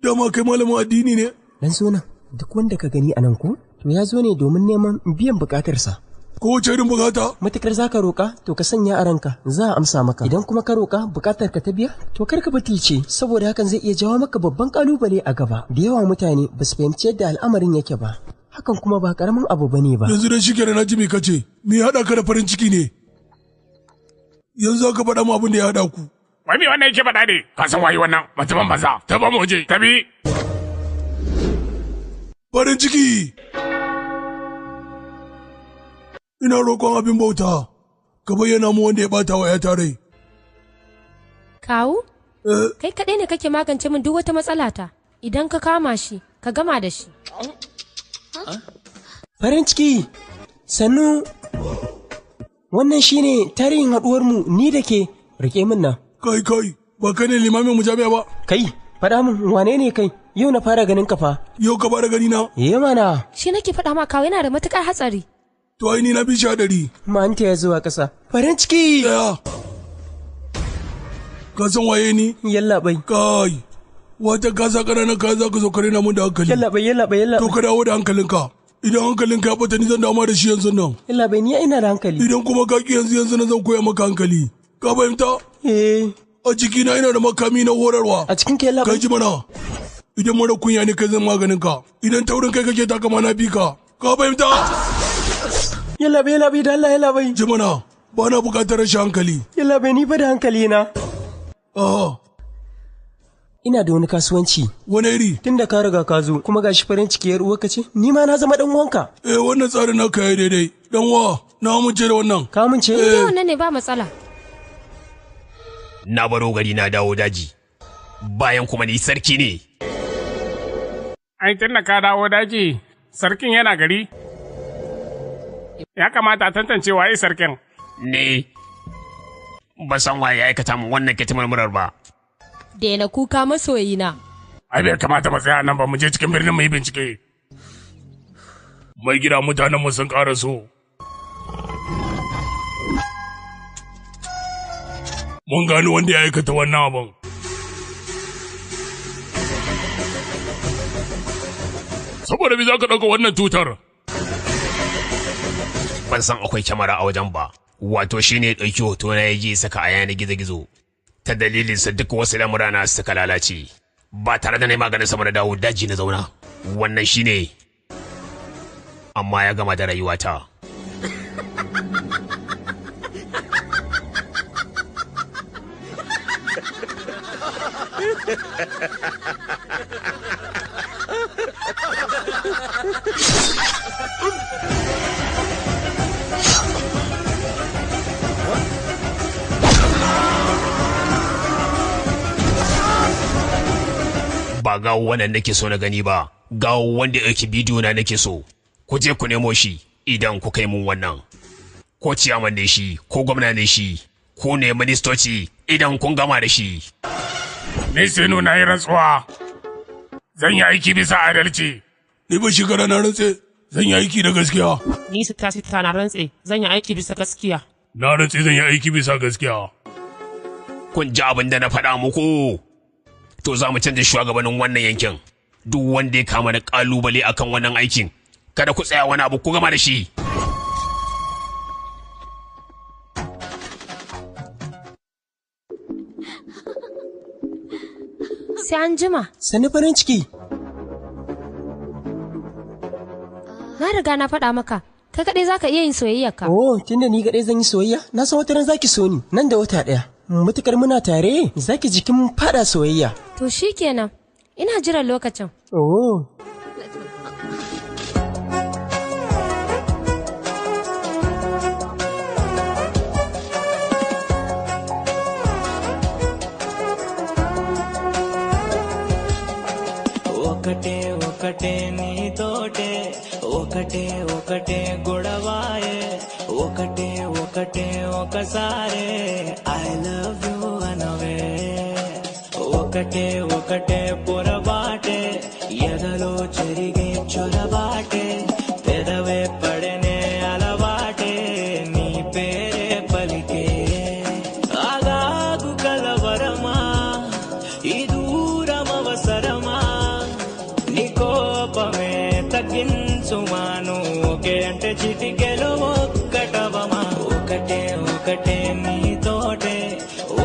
Dama kai malamin addini ne? Dan suna, duk wanda ka gani a nan ko? To ya zo ne domin neman biyan buƙatarsa. Ko wace irin bukata? Matukar za ka roƙa, to ka sanya a ranka, za a amsa maka. Idan kuma ka roƙa, buƙatar ka ta biya, to kar ka batilce, saboda hakan zai iya jawo maka babban ƙalubale a gaba. Da yawa mutane ba su fahimci yadda al'amarin yake ba. hakan kuma ba karamin abu bane ba yanzu dai shike na ji me kace me ya hada ka da farin ciki ne yanzu ka faɗa mu abin da ya hada ku wai me wannan yake faɗa ne ka san wai wannan mutumin banza ta ba mu waje ta bi farin ciki ina roƙon abin bauta ka bayyana mu wanda ya bata wa ya tare kawu eh? kai kaɗai ne kake magance min duk wata matsala ta idan ka kama shi ka gama da shi Farin ciki, sannu wannan shine tarihin haɗuwarmu ni da ke rike min nan. Kai kai, ba kai ne limamin mu ba. Kai, faɗa min wane ne kai? Yau na fara ganin ka fa. Yau ka fara gani na? Eh mana. Shi nake faɗa ma kawai yana da matuƙar hatsari. To ai ni na fi shadari. Manta ya zuwa ƙasa. Farin ciki. Ka san waye ni? Yallaɓai. Kai. wata kasa ƙananan kayan za ka zo kare na mun da hankali yalla bai yalla bai yalla to ka dawo da hankalinka idan hankalinka ya bata ni zan dama da shi yanzu nan yalla bai ni ina da hankali idan kuma ka ki yanzu yanzu nan zan koya maka hankali ka fahimta eh a ciki na ina da makami na horarwa a cikin ke yalla bai ji mana idan mara kunya ne kai zan maganin ka idan taurin kai kake takama na bi ka ka fahimta yalla bai yalla bai da Allah yalla bai ji mana ba na bukatar rashin hankali yalla bai ni ba da hankali na ah ina da wani kasuwanci. Wani iri? Tun da ka riga ka zo kuma ga shi farin ciki yar uwarka ce ni ma na zama dan uwanka. Eh wannan tsarin naka yayi daidai. Dan wa na amince da wannan. Ka amince? Eh wannan ne ba matsala. Na baro gari na dawo daji. Bayan kuma ni sarki ne. Ai tun da ka dawo daji sarkin yana gari. Ya kamata a tantance waye sarkin. Ne. Ba san waye aikata min wannan murar ba. Daina kuka masoyina. Ai bai kamata ba tsaya nan ba mu je cikin birnin mu yi bincike. Mai gida mutanen mu sun ƙara so. Mun gano wanda ya aikata wannan abin. Saboda bi za ka ɗauka wannan tutar. Ban san akwai kyamara a wajen ba. Wato shi ne ɗauki hoto na ya je saka a yanar gizo-gizo. ta sa duk wasu lamurana suka lalace ba tare da na maganin sama na dawo daji na zauna wannan shine amma ya gama da rayuwata Ha ba gawo wannan nake so na gani ba gawo wanda yake bidiyo na nake so ku je ku nemo shi idan ku kai mun wannan ko ciyaman ne shi ko gwamna ne shi ko ne ministoci idan kun gama da shi ni sai nuna yi rantsuwa zan yi aiki bisa adalci ni ba shekara na rantse zan yi aiki da gaskiya ni su tasi na rantse zan yi aiki bisa gaskiya na rantse zan yi aiki bisa gaskiya kun ji abin da na faɗa muku to za mu canza shugabannin wannan yankin duk wanda ya kama da kalubale akan wannan aikin kada ku tsaya wani abu ku gama da shi sai an jima sani farin ciki na riga na faɗa maka kai kaɗai za ka iya yin ka. oh tunda ni kaɗai zan yi soyayya na san wata ran za ki so ni nan da wata ɗaya matukar muna tare zaki jikin fada soyayya. To shikenan, ina jiran lokacin. Oh. ఒకటే ఒకటే నీతోటే ఒకటే ఒకటే గొడవాయే ఒకటే ఒకటే ఒకసారే I love you అనవే ఒకటే ఒకటే పొరబాటే ఎదలో జరిగే చొరబాటే పెదవే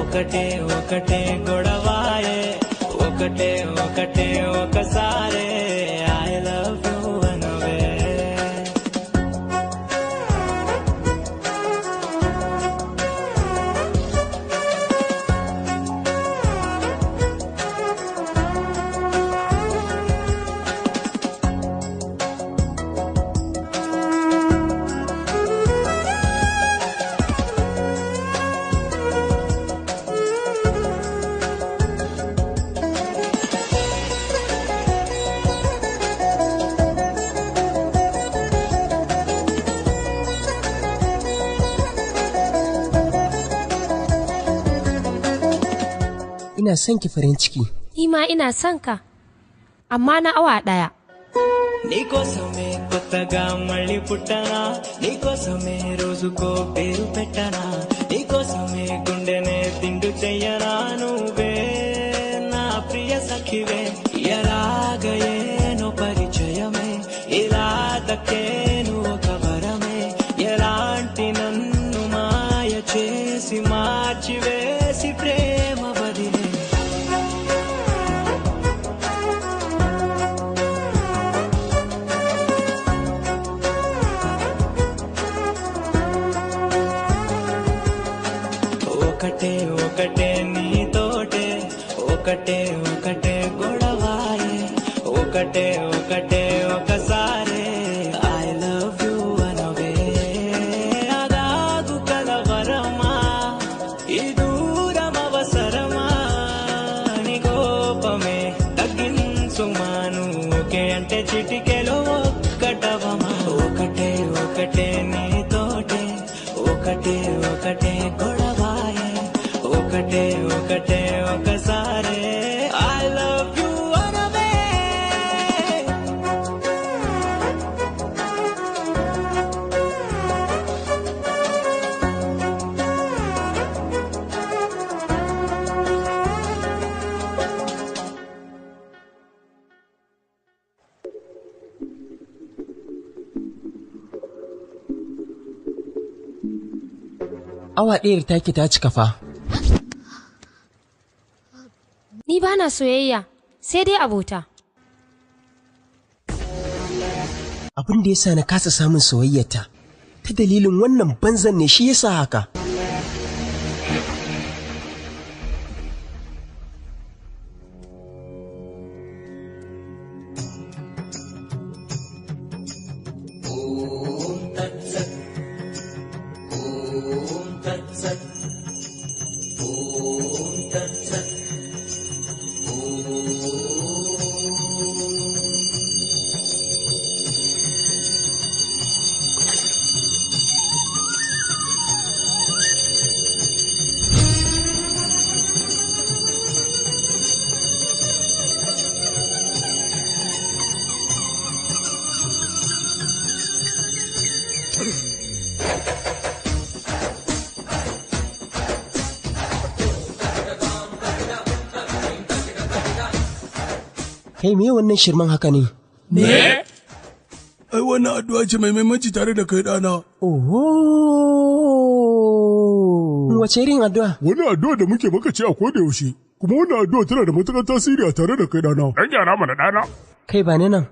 ఒకటే ఒకటే గొడవాయే ఒకటే ఒకటే ఒకసారే I love ina son ki farin ciki. Ni ma ina son ka, amma na awa ɗaya. నీకోసమే కొత్తగా మళ్ళీ పుట్టనా నీకోసమే రోజుకో పేరు పెట్టనా నీకోసమే గుండెనే తిండు చెయ్యనా నువ్వే నా ప్రియ సఖివే ఎలాగయే ఒకటే ఒకటే నీతోటే ఒకటే ఒకటే గొడవాయే ఒకటే ఒకటే ఒకసారి ఐ లవ్ యూ అనవే అదాగు కలవరమా ఈ దూరం అవసరమా నీ కోపమే తగ్గించుమాను ఒకే అంటే చిటికెలు ఒక్కటవమా ఒకటే ఒకటే నీతోటే ఒకటే ఒకటే గొడవ ఒకటే ఒకటే ఒకసారే I love you take ta cika fa bana soyayya sai dai abota. Abin da ya sa na kasa samun soyayyata ta dalilin wannan banzan ne shi yasa haka. Kai me wannan shirman haka ne? Me? Ai wannan addu'a ce mai maimaci tare da kai ɗana. Oho! Wace irin addu'a? Wani addu'a da muke maka ce a koda yaushe. Kuma wannan addu'a tana da matuƙar tasiri a tare da kai ɗana. Ɗan gyara mana ɗana. Kai ba ni nan.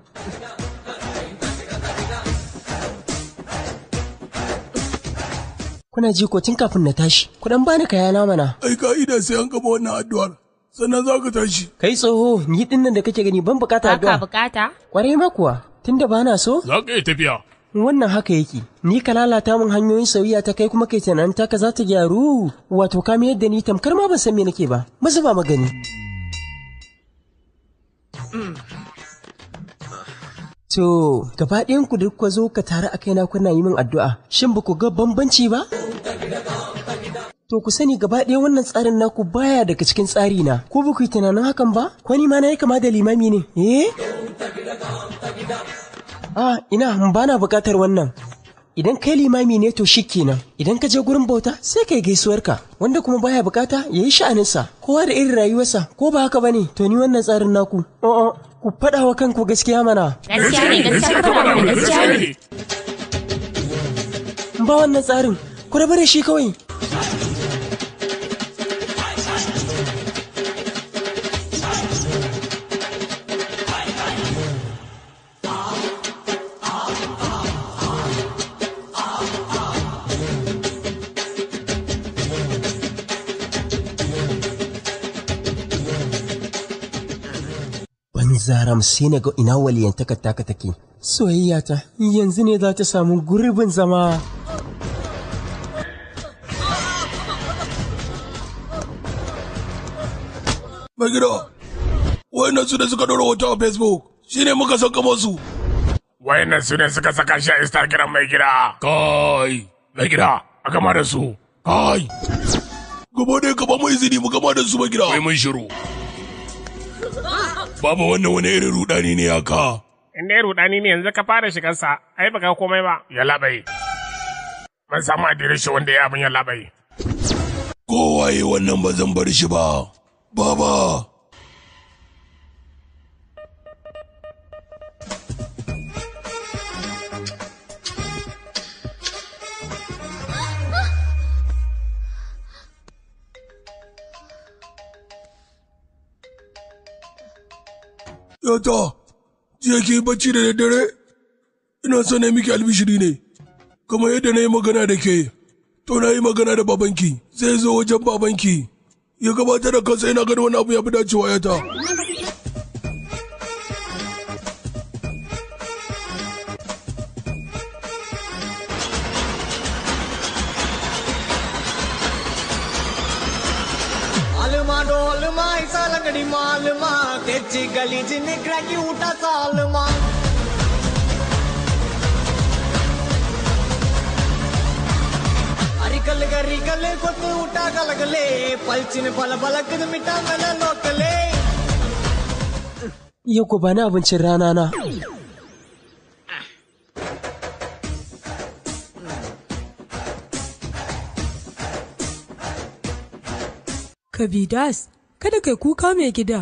Kuna ji ko tun kafin na tashi, ku ɗan bani kayana mana. Ai ka'ida sai an gaba wannan addu'ar. sannan za ka tashi. Kai tsoho, ni ɗin nan da kake gani ban bukata addu'a. Ba bukata? Kwarai ma kuwa, tunda ba na so? Za ka iya tafiya. Wannan haka yake, ni ka lalata min hanyoyin sauya ta kai kuma kai tunanin taka za ta gyaru, wato ka yadda ni tamkar ma ban san me nake ba, masu ba magani. To, gaba ɗayan ku duk zo ka tare a kaina kuna yi min addu'a, shin ba ku ga bambanci ba? To ku sani gaba ɗaya wannan tsarin naku baya daga cikin tsari na. Ko ba ku yi tunanin hakan ba? Ko ni ma na yi kama da limami ne? Eh? Ah, ina ba na buƙatar wannan. Idan kai limami ne to shi kenan. Idan ka je gurin bauta sai kai gaisuwarka. Wanda kuma baya bukata ya yi sha'aninsa. Kowa da irin rayuwarsa ko ba haka bane? To ni wannan tsarin naku. Oh, ku faɗa wa kanku gaskiya mana. Gaskiya ne, gaskiya ne, gaskiya ne. Ba wannan tsarin, ku rabu da shi kawai. Zaram sai na ga ina waliyantakar taka take. Soyayya ta yanzu ne za ta samu gurbin zama. Mai gida, wayannan su ne suka dora wata a Facebook, shi ne muka saka su Wayannan su ne suka saka shi a Instagram mai gida. Kai, mai gida, a gama da su. Kai. Gaba ne ka ba mu izini mu gama da su mai gida. mai mun shiru. Baba wannan wani irin rudani ne haka? In dai rudani ne yanzu ka fara shigarsa, ai baka komai ba. Ya labai. Ban samu shi wanda ya abin ya labai. Kowa yi wannan ba zan bar shi ba. Baba. Yata, jiya ke bacci da daddare? Ina son na miki albishiri ne, kamar yadda na yi magana da ke, to na yi magana da babanki, zai zo wajen babanki, ya gabatar da kansa yana gani wani abu ya fi dacewa yata. கலங்கடி மாலுமா தேச்சி கலிச்சு நிக்கிறாக்கி விட்டா சாலுமா அரிக்கல் கரிக்கல் கொத்து விட்டா கலகலே பல்ச்சின்னு பல பலக்குது மிட்டா மேல லோக்கலே Yau bani abincin rana na. Kabidas, kada kai kuka mai gida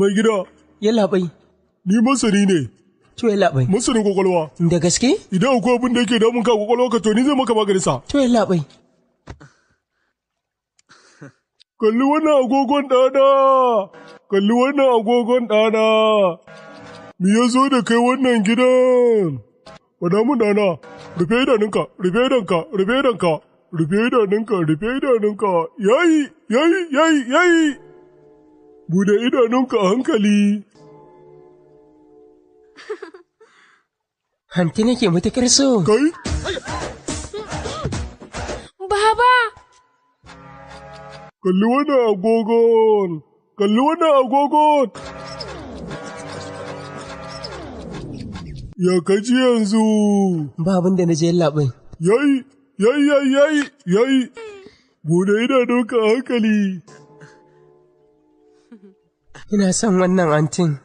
mai gida ya labai ni masani ne to ya labai masanin kwakwalwa da gaske idan akwai abin da yake damun ka kwakwalwa ka to ni zai maka maganisa. sa to ya labai kalli wannan agogon dada kalli wannan agogon ɗana, me ya zo da kai wannan gidan? Wada mu ɗana, rufe idanunka, rufe idanka, rufe idanka, rufe idanunka, rufe idanunka, yayi, yayi, yayi, yayi. Bude idanunka a hankali. Hanti nake matuƙar so. Kai? Baba! Kalli wannan agogon. kalli wannan agogo! Ya kaji yanzu! Ba abin da na je labai. Yayi, yayi, yayi, yayi, yayi! Bude ina doka hankali! Ina son wannan antin.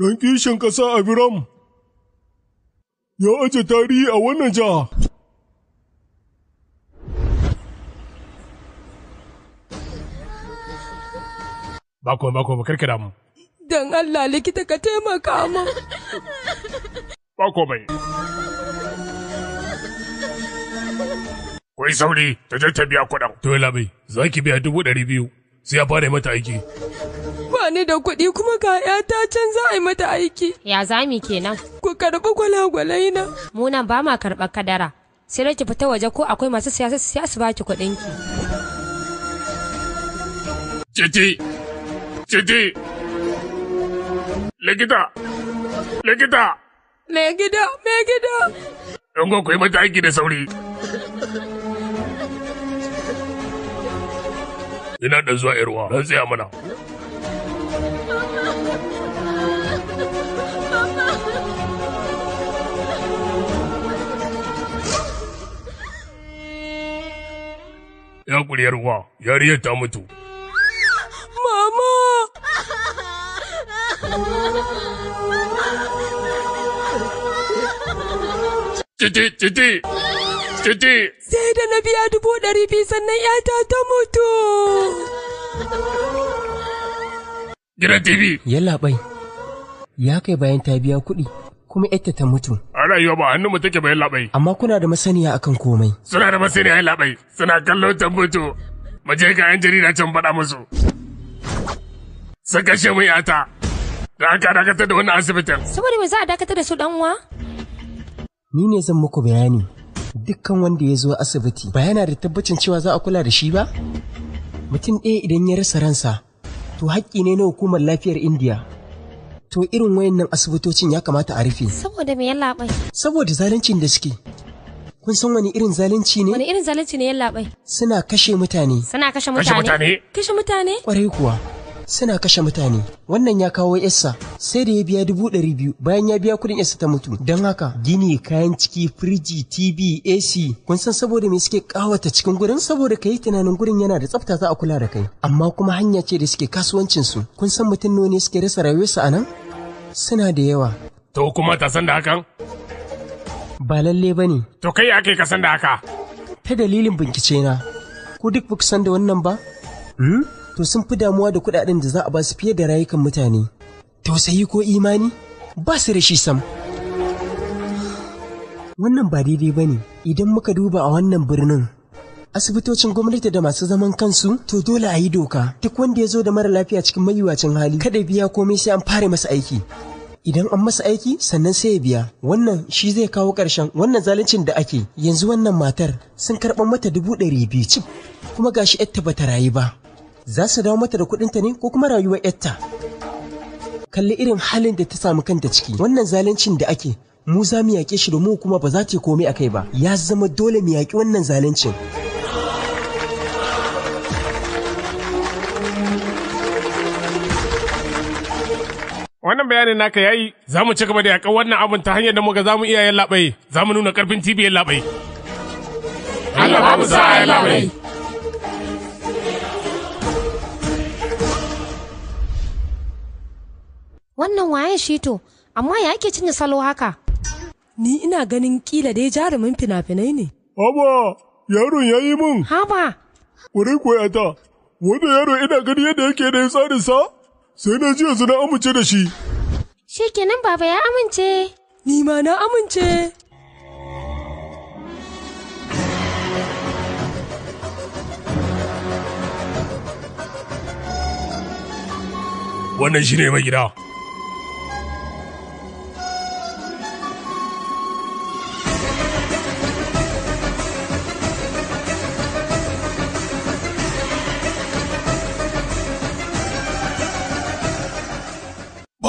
Ɗan kishin ƙasa Abiram ya aje tarihi a wannan jiha. ba ko ba ko ba karkira mu dan Allah likita ka taimaka mu ba ko bai Kwai sauri, ta je ta biya kuɗin. To bai za ki biya dubu ɗari biyu, sai ya fara mata aiki. Ba ni da kuɗi kuma ga ta can za a yi mata aiki. Ya ke kenan. Ku karɓi gwalagwalai na. Mu nan ba ma karɓar kadara. Sai dai ki fita waje ko akwai masu siyasa su siya su kuɗin kuɗinki. Titi. Titi! Likita! Likita! Me gida, me gida! Yango ku yi mata aiki da sauri. Ina da zuwa irwa, don tsaya mana. Ya kuriyar wa, yariyar ta mutu. Titi, titi, Sai da na biya dubu ɗari biyu sannan ‘yata ta mutu. Gidan TV. Yalla bai, ya kai bayan ta biya kuɗi kuma ‘yarta ta mutu. A rayuwa ba hannunmu ke bayan labai. Amma kuna da masaniya akan komai. Suna da masaniya ya labai, suna kallon ta mutu. Maje ka ‘yan jarida can faɗa musu. Saka shi mu ‘yata. Da aka dakatar da wannan asibitin. Saboda me za a dakatar da su dan uwa? Ni ne zan muku bayani. Dukkan wanda ya zo asibiti ba yana da tabbacin cewa za a kula da shi ba? Mutum ɗaya idan ya rasa ransa, to haƙƙi ne na hukumar lafiyar Indiya. To irin wayannan asibitocin ya kamata a rufe. Saboda me yallaɓai? Saboda zaluncin da suke. kun san wani irin zalunci ne? Wani irin zalunci ne yallaɓai? Suna kashe mutane. Suna kashe mutane? Kashe mutane? Kashe mutane? Ƙwarai kuwa. suna kashe mutane wannan ya kawo yassa sai da ya biya dubu ɗari biyu bayan ya biya kuɗin yasa ta mutu don haka gini kayan ciki firiji tv ac kun san saboda me suke kawata cikin gurin saboda yi tunanin gurin yana da tsafta za a kula da kai amma kuma hanya ce da suke kasuwancin su kun san mutum nawa ne suke rasa rayuwarsa a nan suna da yawa to kuma ta san da hakan ba lalle bane to kai ake ka san da haka ta dalilin bincike na ku duk ba san da wannan ba eh? to sun fi damuwa da kuɗaɗen da za a ba su fiye da rayukan mutane tausayi ko imani ba su da shi sam wannan ba daidai ba ne idan muka duba a wannan birnin asibitocin gwamnati da masu zaman kansu to dole a yi doka duk wanda ya zo da mara lafiya cikin mayuwacin hali kada biya komai sai an fara masa aiki idan an masa aiki sannan sai ya biya wannan shi zai kawo ƙarshen wannan zaluncin da ake yanzu wannan matar sun karɓar mata dubu ɗari biyu cif kuma gashi yarta bata rayu ba za su dawo mata da kuɗinta ne ko kuma rayuwar yarta kalli irin halin da ta samu kanta ciki wannan zaluncin da ake mu za mu yaƙe shi domin kuma ba za ta yi komai a kai ba ya zama dole mu yaƙi wannan zaluncin wannan bayanin naka yayi za mu ci gaba da yaƙar wannan abin ta hanyar da muka za mu iya yallaɓai za mu nuna ƙarfin tibiyar labai Allah ba mu sa'a yallaɓai wannan waye shi to amma ya ake cinye salo haka ni ina ganin kila dai jarumin fina-finai ne haba yaron ya yi min haba wuri koyata wanda yaro ina gani yadda yake da ya sa sai na jiya su na amince da shi shikenan baba ya amince ni ma na amince wannan shi ne gida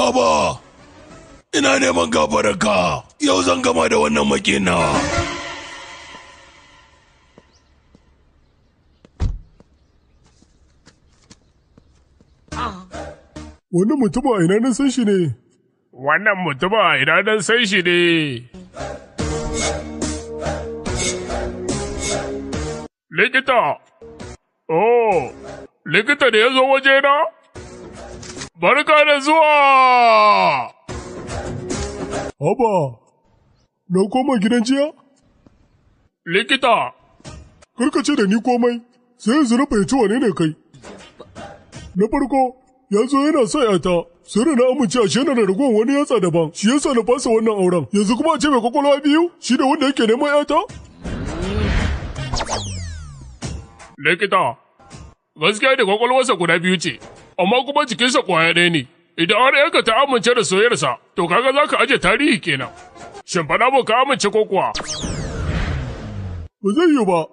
Baba, ina neman gafararka, yau zan gama da wannan makina. Wannan mutum a ina nan san shi ne? Wannan mutum a ina nan san shi ne. Likita! Oh, likita da ya zo wajena? Barka da zuwa! Haba, na koma gidan jiya? Likita! ce da ni komai, sai yanzu na fahimci wane ne kai. Na farko, ya yana sa ‘yata, sai da na amince a shena da ragowar wani yatsa daban, shi yasa na fasa wannan auren. Yanzu kuma a ce mai kwakwalwa biyu, shi da wanda yake neman ‘yata? Likita, gaskiya da kwakwalwarsa guda biyu ce. amma kuma jikinsa ƙwaya ɗaya ne. Idan har yanka ta amince da soyarsa, to kaga za ka aje tarihi kenan. Shin faɗa mu ka amince ko kuwa? Ba zai yi ba.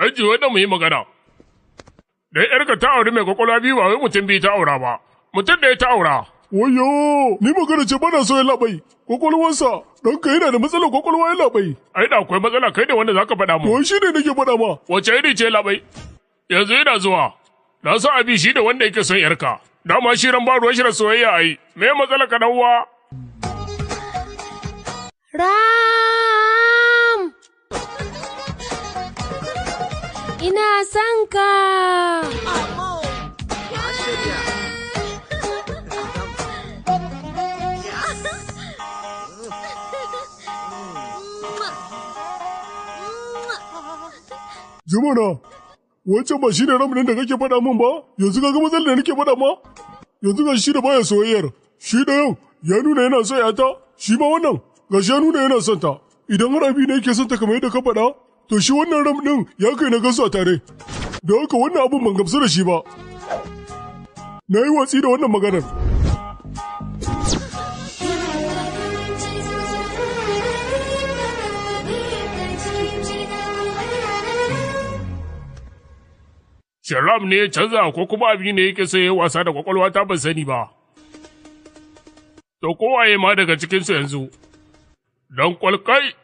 Ɗan ji mu yi magana. Da ‘yarka ta auri mai kwakwalwa biyu ba wai mutum biyu ta aura ba, mutum da ya ta aura. Wayo, ni magana ce bana so ya labai, kwakwalwarsa, don ka yana da matsalar kwakwalwa ya labai. Ai da akwai matsala kai da wanda za ka faɗa mu. Wai shi ne nake faɗa ma. Wace iri ce labai? Yanzu yana zuwa. Na san abi shi da wanda yake son yarka. Dama shi ran ba ruwan shi da soyayya ai. Me matsala ka uwa? Ram! Ina son ka! Wancan ba shi ne ramin da kake faɗa min ba? Yanzu ga matsalar da nake faɗa ma? Yanzu ga shi da baya soyayyar. Shi da yau ya nuna yana son ta shi ma wannan ga shi ya nuna yana son ta. Idan har abi ne yake son ta kamar yadda ka faɗa, to shi wannan ram ɗin ya kai na gasu tare. Da haka wannan abun ban gamsu da shi ba. Na yi watsi da wannan maganar. Sharam ne ya canza ko kuma abin ne yake sai ya wasa da kwakwalwa ta ban sani ba. To kowaye ma daga cikinsu yanzu, don kwalkai.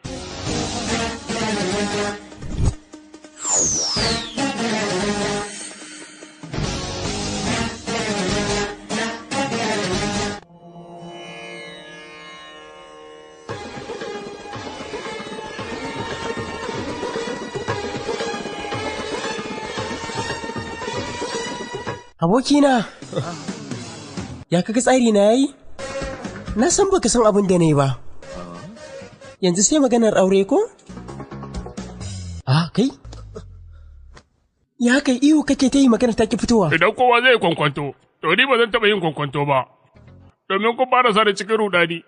abokina ya kaga tsari na yayi na san baka san abin da na yi ba yanzu sai maganar aure ko ah kai ya kai iyo kake ta yi maganar take fitowa idan kowa zai kwankwanto to ni ba zan taɓa yin kwankwanto ba domin kun fara sa da cikin rudani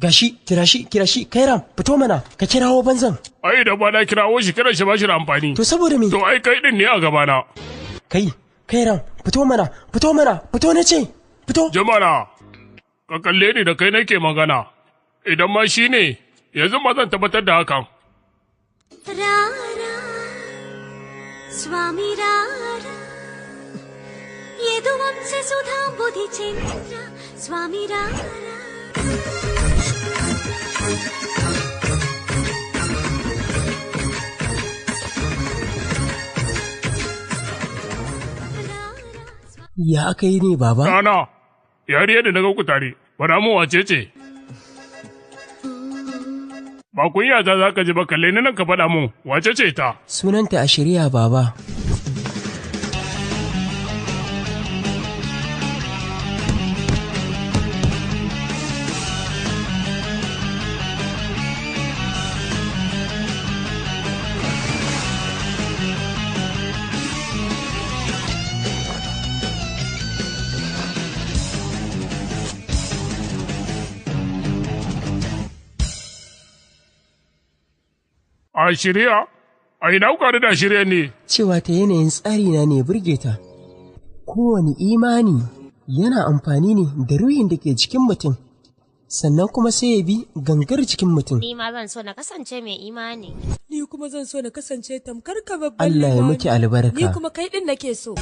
gashi kira shi kira shi ram, fito mana ka kirawo banzan ai da ba na kirawo shi kira shi ba shi da amfani to saboda me to ai kai ɗin ne a gabana kai Kairan, fito mana, fito mana, fito na ce, fito. Jimana, ka kalle ni da kai nake magana, idan ma shi ne, yanzu ma zan tabbatar da hakan. Rara, Swami Rara, Yedu Vamsa Sudha Bodhi Chandra, Swami Rara. Ya aka yi ne, baba? Rana, yariya da na ga ku tare, fara mu wace ce? Ba kun yata za ka ji ba kalle ni nan ka faɗa mu, wace ce ta? Sunanta a shirya, baba. shirya? A ina kuka da shirya ne? Cewa ta yanayin tsari na ne burge ta. Kowane imani yana amfani ne da ruhin da ke cikin mutum. Sannan kuma sai ya bi gangar cikin mutum. Ni ma zan so na kasance mai imani. Ni kuma zan so na kasance tamkar ka babban Allah ya miki albarka. Ni kuma kai din nake so.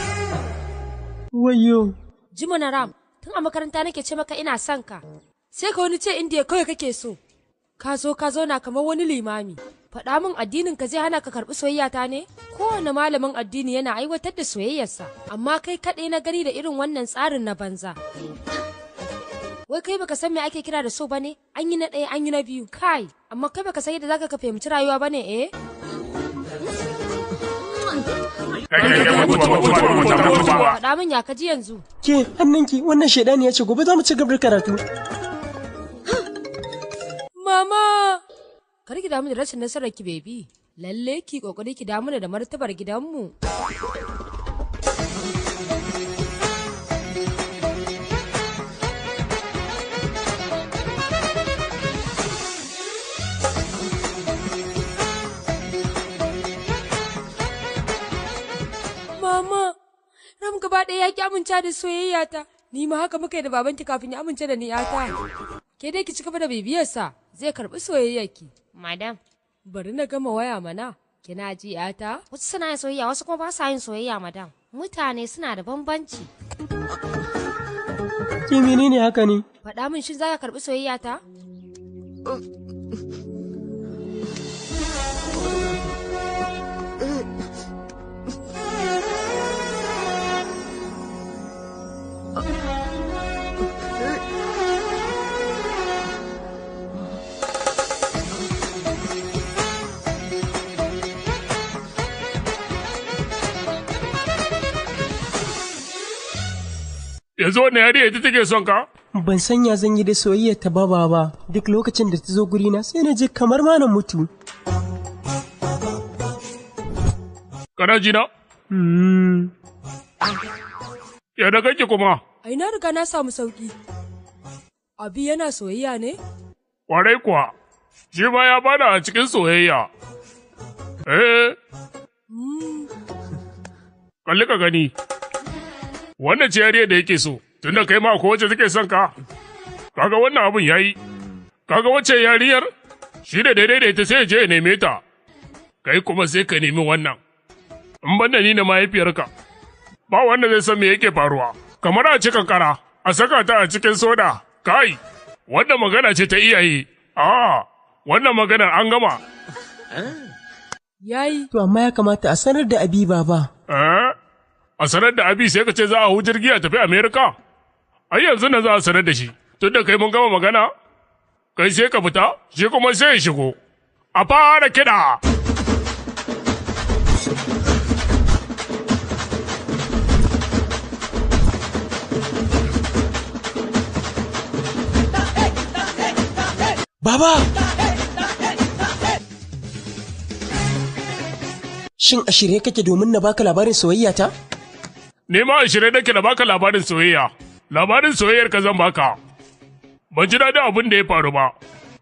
Wayo. Jima na Ram, tun a makaranta nake ce maka ina son ka. Sai ka wani ce ya kawai kake so. Ka zo ka zauna kamar wani limami. faɗa min addinin ka zai hana ka karɓi soyayya ta ne kowane malamin addini yana aiwatar da soyayyarsa amma kai kaɗai na gani da irin wannan tsarin na banza wai kai baka san me ake kira da so ba ne? an yi na ɗaya an yi na biyu kai amma kai baka san yadda zaka ka fahimci rayuwa ba ne eh Faɗa min ya kaji yanzu. Ke hannunki wannan shaidani ya ce gobe za mu ci gabar karatu. Mama! kar ki damu da rashin nasarar ki bebi lalle ki kokari ki damu da martabar gidanmu Mama, Ram gaba ɗaya ya ki amince da soyayyata. Ni ma haka muka yi da babanki kafin ya amince da ni ta Ke dai ki ci gaba da bibiyarsa, zai karɓi ki? Madam. Bari na gama waya mana, kina ji yata Wasu suna yin soyayya, wasu kuma ba sa yin soyayya, madam. Mutane suna da bambanci. Ki ne haka ne? Faɗa min shin za ka karɓi soyayya ta? Um, yanzu wannan yariya ita take son ka ban sanya zan yi da soyayya ta ba ba duk lokacin da ta zo gurina sai na je kamar ma na mutu kana jina hmm. ya da kake kuma ai na riga na samu sauƙi? abi yana soyayya ne kwarai kuwa shi ma ya bada a cikin soyayya eh hmm. kalli ka gani wannan ce yariyar da yake so tun da kai ma ko wacce take son ka kaga wannan abun yi, kaga wacce yariyar shi da daidai da ita sai je ya neme ta kai kuma sai ka nemi wannan in banda ni na mahaifiyarka ba wanda zai san me yake faruwa kamar a ci kankara a saka ta a cikin soda kai wannan magana ce ta iyaye A'a wannan maganar an gama yayi to amma ya kamata a sanar da abi baba eh a sanar da abi sai ka ce za a hu jirgi a tafi amerika ai yanzu na za a sanar da shi tun da kai mun gama magana kai sai ka fita shi kuma sai shigo a fara kiɗa Baba! Shin a shirye kake domin na baka labarin soyayya ta? Nema a shirye nake da baka labarin soyayya, labarin soyayyar ka zan baka. Ban ji daɗin abin da ya faru ba,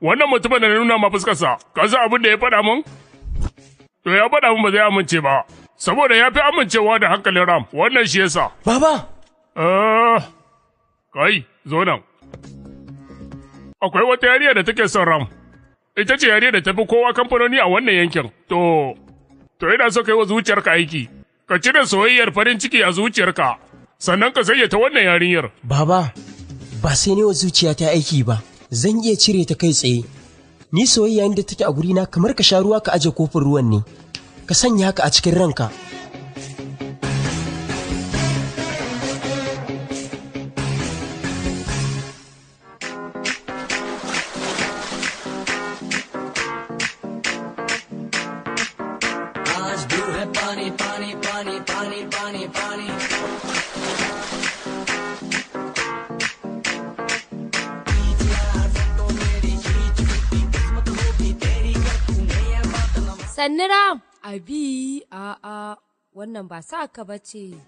wannan mutumin da na nuna ma fuskarsa, ka san abin da ya faɗa min? To ya faɗa min ba zai amince ba, saboda ya fi amincewa da hankalin Ram, wannan shi yasa. Baba! Eh, kai, zo nan. Akwai wata yariya da take son Ram, ita ce yariya da tafi kowa kamfanoni a wannan yankin, to, to ina so kai wa zuciyarka aiki. ka cire soyayyar farin ciki a zuciyarka sannan ka zayyata wannan yarinyar. Baba, ba sai ne wa zuciya ta aiki ba, zan iya cire ta kai tsaye. Ni soyayya inda take a gurina kamar ka sha ruwa ka aje kofin ruwan ne, ka sanya haka a cikin ranka. ram. abi, a'a, wannan ba sa ka bace.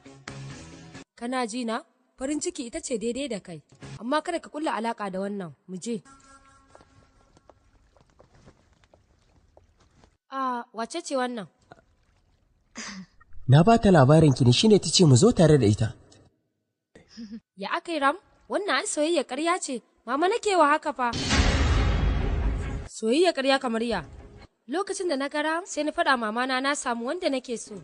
Kana ji na? Farin ciki ita ce daidai da kai, amma kada ka kulla alaka da wannan, mu je. A, wace ce wannan? Na ba ta labarin ki ne shine ta ce mu zo tare da ita. Ya aka ram, wannan an soyayya ƙarya ce, mama nake wa haka fa. Soyayya karya kamar ya, Lokacin da na gara sai na faɗa mamana na samu wanda nake so.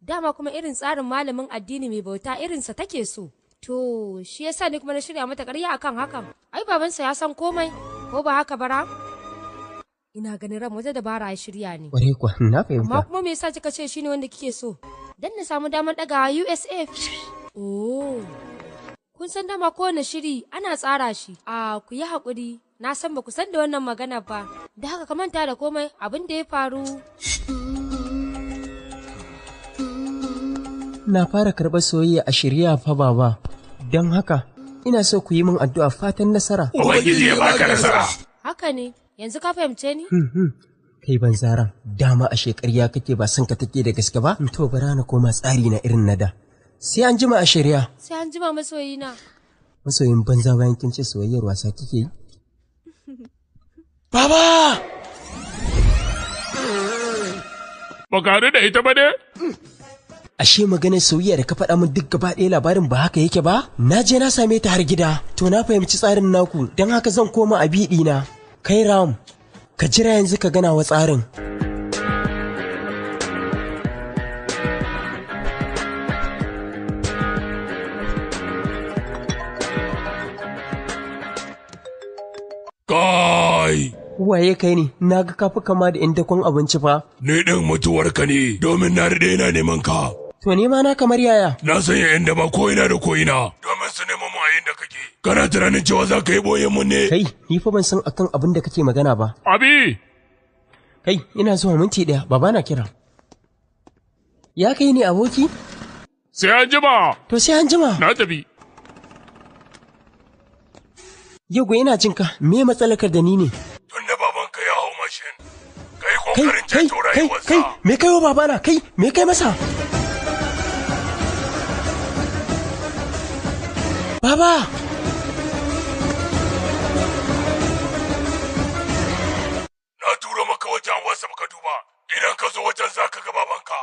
Dama kuma irin tsarin malamin addini mai bauta irinsa take so. To, shi yasa ni kuma na shirya mata ƙarya akan hakan. Ai babansa ya san komai, ko ba haka bara? Ina ganin ran waje dabara ya shirya ne. Ƙwarai kuwa, na fahimta. Amma kuma me yasa kika ce shi ne wanda kike so? Dan na samu damar ɗaga U.S.A. Oh. Kun san dama kowane shiri ana tsara shi. A ah, ku yi hakuri. na san ba ku san da wannan magana ba, da haka ka manta da komai abin da ya faru. Na fara karɓar soyayya a shirya fa baba, don haka ina so ku yi min addu'a fatan nasara. Ubangiji ya baka nasara. Haka ne, yanzu ka fahimce ni? Hmm, hmm. Kai ban zara, dama a shekarya kake ba sun ka take da gaske ba, hmm. to bara na koma tsari na irin na da. Sai an jima a shirya. Sai an jima masoyina. Masoyin banza bayan kin ce soyayyar wasa kike yi? Baba! Ba da ita ba ne? Ashe maganar sauyiya da ka faɗa min duk gaba ɗaya labarin ba haka yake ba? Na je na same ta har gida, to na fahimci tsarin naku, don haka zan koma a biɗina. Kai Ram, ka jira yanzu ka gana wa tsarin. God! waye kai ne na ga kafi kama da in dakon abinci fa. Ni ɗin mutuwar ka ne domin na rade yana neman ka. To ni ma na kamar yaya. Na sanya yayin da ba ko'ina da ko'ina domin su nemi mu a da kake. Kana tunanin cewa za ka yi boye mun ne. Kai ni fa ban san akan abin da kake magana ba. Abi. Kai ina zuwa minti ɗaya baba na kira. Ya kai ne aboki? Sai an jima. To sai an jima. Na tafi. Yau ina jinka me matsalakar da ni ne? Kai, kai, kai, Kai, me kai wa babana? Kai, me kai masa? Baba! Na tura maka wajen wasu ka duba, idan ka zo wajen za ka ga babanka.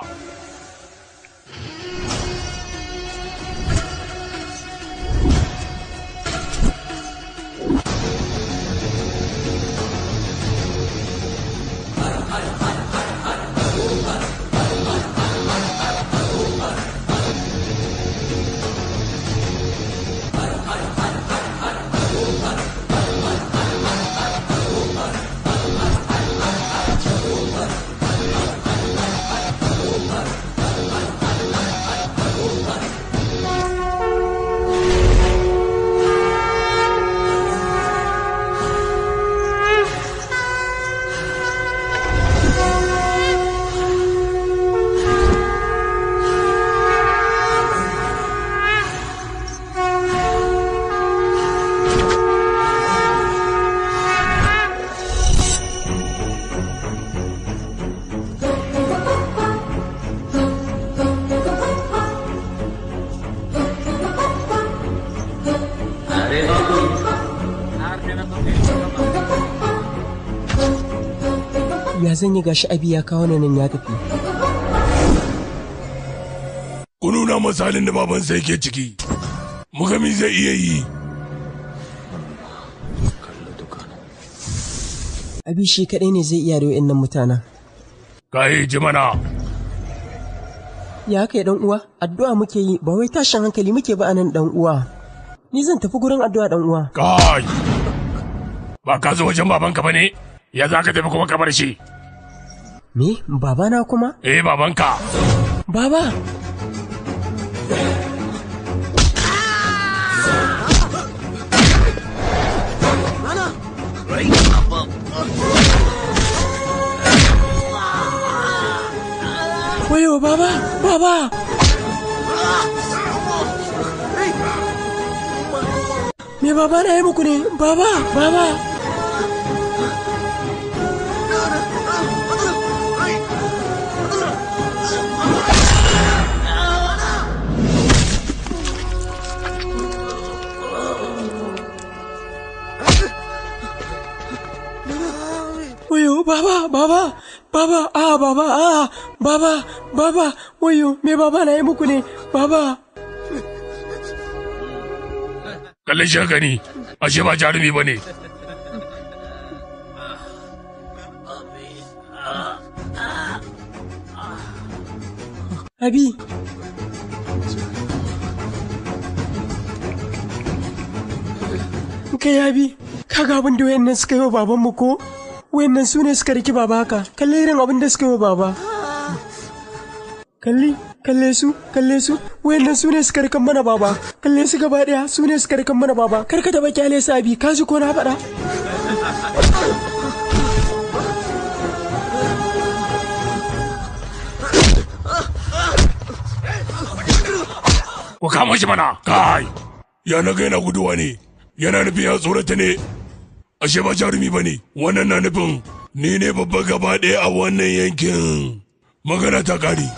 zan yi gashi abi ya kawo nan ya tafi ku nuna masa halin da baban sai ke ciki mi zai iya yi abi shi kadai ne zai iya da wayannan mutanen kai mana. ya kai dan uwa addu'a muke yi ba wai tashin hankali muke ba anan dan uwa ni zan tafi gurin addu'a dan uwa kai ba ka zo wajen babanka ba ne ya za ka tafi kuma kamar shi Me? Babana kuma? Eh, babanka. Baba! Wayo, baba! Baba! Me baba na yi muku ne? Baba! Baba! baba baba baba ah baba ah baba baba wayo me baba na yi muku ne baba kallon shi gani ne ashe ba jarumi ba ne abi kai abi kaga abin da wayannan suka yi wa babanmu ko wayannan su ne suka riki baba haka kalle irin abin da suka yi wa baba kalli kalle su kalle su wayannan su ne suka rikan mana baba kalle su gaba daya su ne suka rikan mana baba kar ka taba kyale abi ka ji ko na faɗa Ku kamo shi mana! Kai! Ya gaina guduwa ne, yana nufin ya tsorata ne ashe ba jarumi ba ne wannan na nufin ni ne babba gaba ɗaya a wannan yankin magana ta ƙari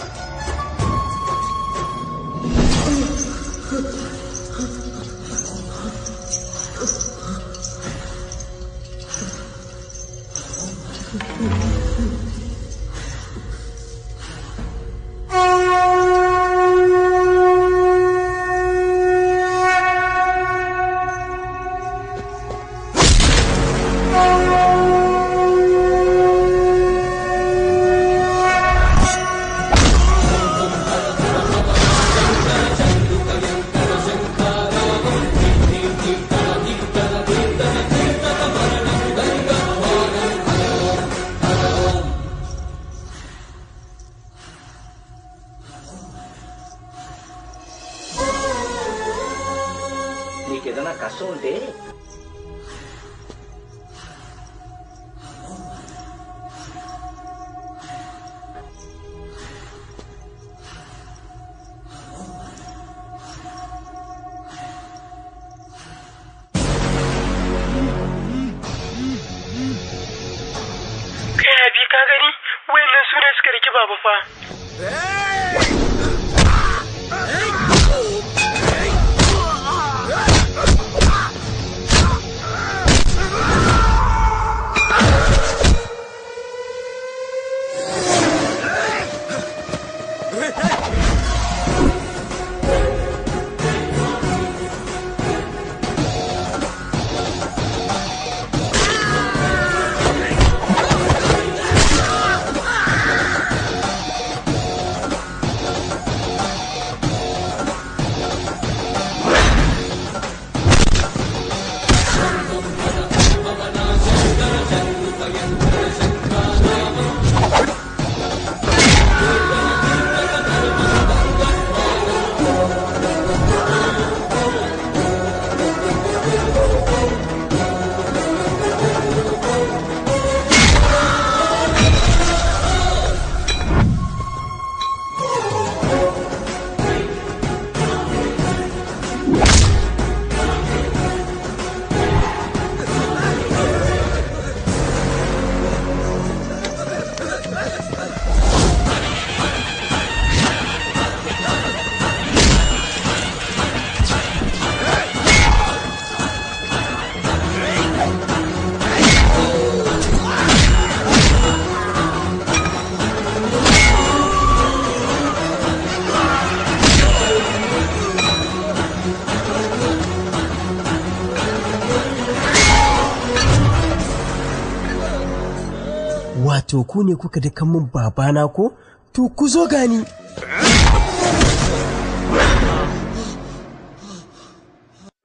ku ne kuka da min babana ko to ku zo gani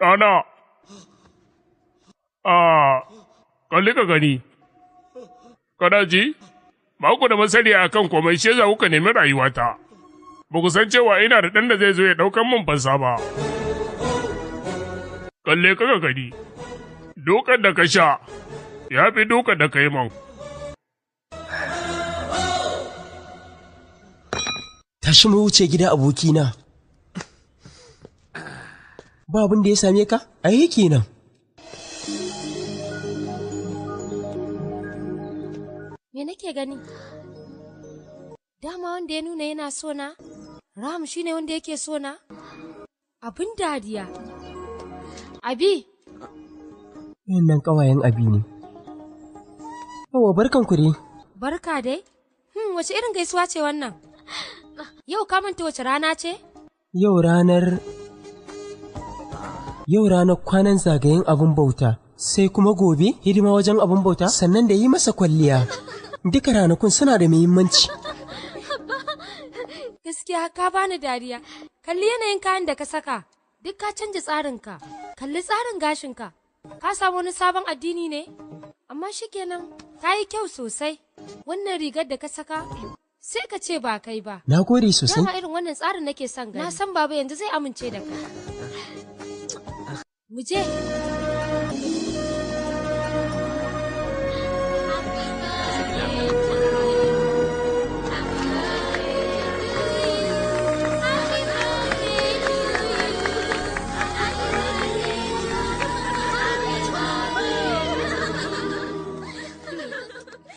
ɗana a kalli ka gani kada ji ba ku da masani a kan komai shi za kuka nemi rayuwata ba ku san cewa ina da ɗan da zai zo ya ɗaukan min fansa ba kalle ka gani dukan da ka sha ya fi dukan da ka yi man tashi mu wuce gida abokina ba abin da ya same ka A ai kenan me nake gani dama wanda ya nuna yana sona ram shine wanda yake sona abin dariya abi nan kawayen abi ne yawa barkan ku dai barka dai hmm wace irin gaisuwa ce wannan Yau ka manta wace rana ce? Yau ranar Yau ranar kwanan zagayen abin bauta, sai kuma gobe hidima wajen abin bauta sannan da yi masa kwalliya. Duka ranakun suna da muhimmanci. Gaskiya ka bani dariya, kalli yanayin kayan da ka saka, duk ka canja tsarinka, kalli tsarin gashinka, ka samu wani sabon addini ne? Amma shikenan, ta yi kyau sosai, wannan rigar da ka saka sai ka ce ba kai ba. Na gode sosai. Dama irin wannan tsarin nake son gani. Na san baba yanzu zai amince da kai. Mu je.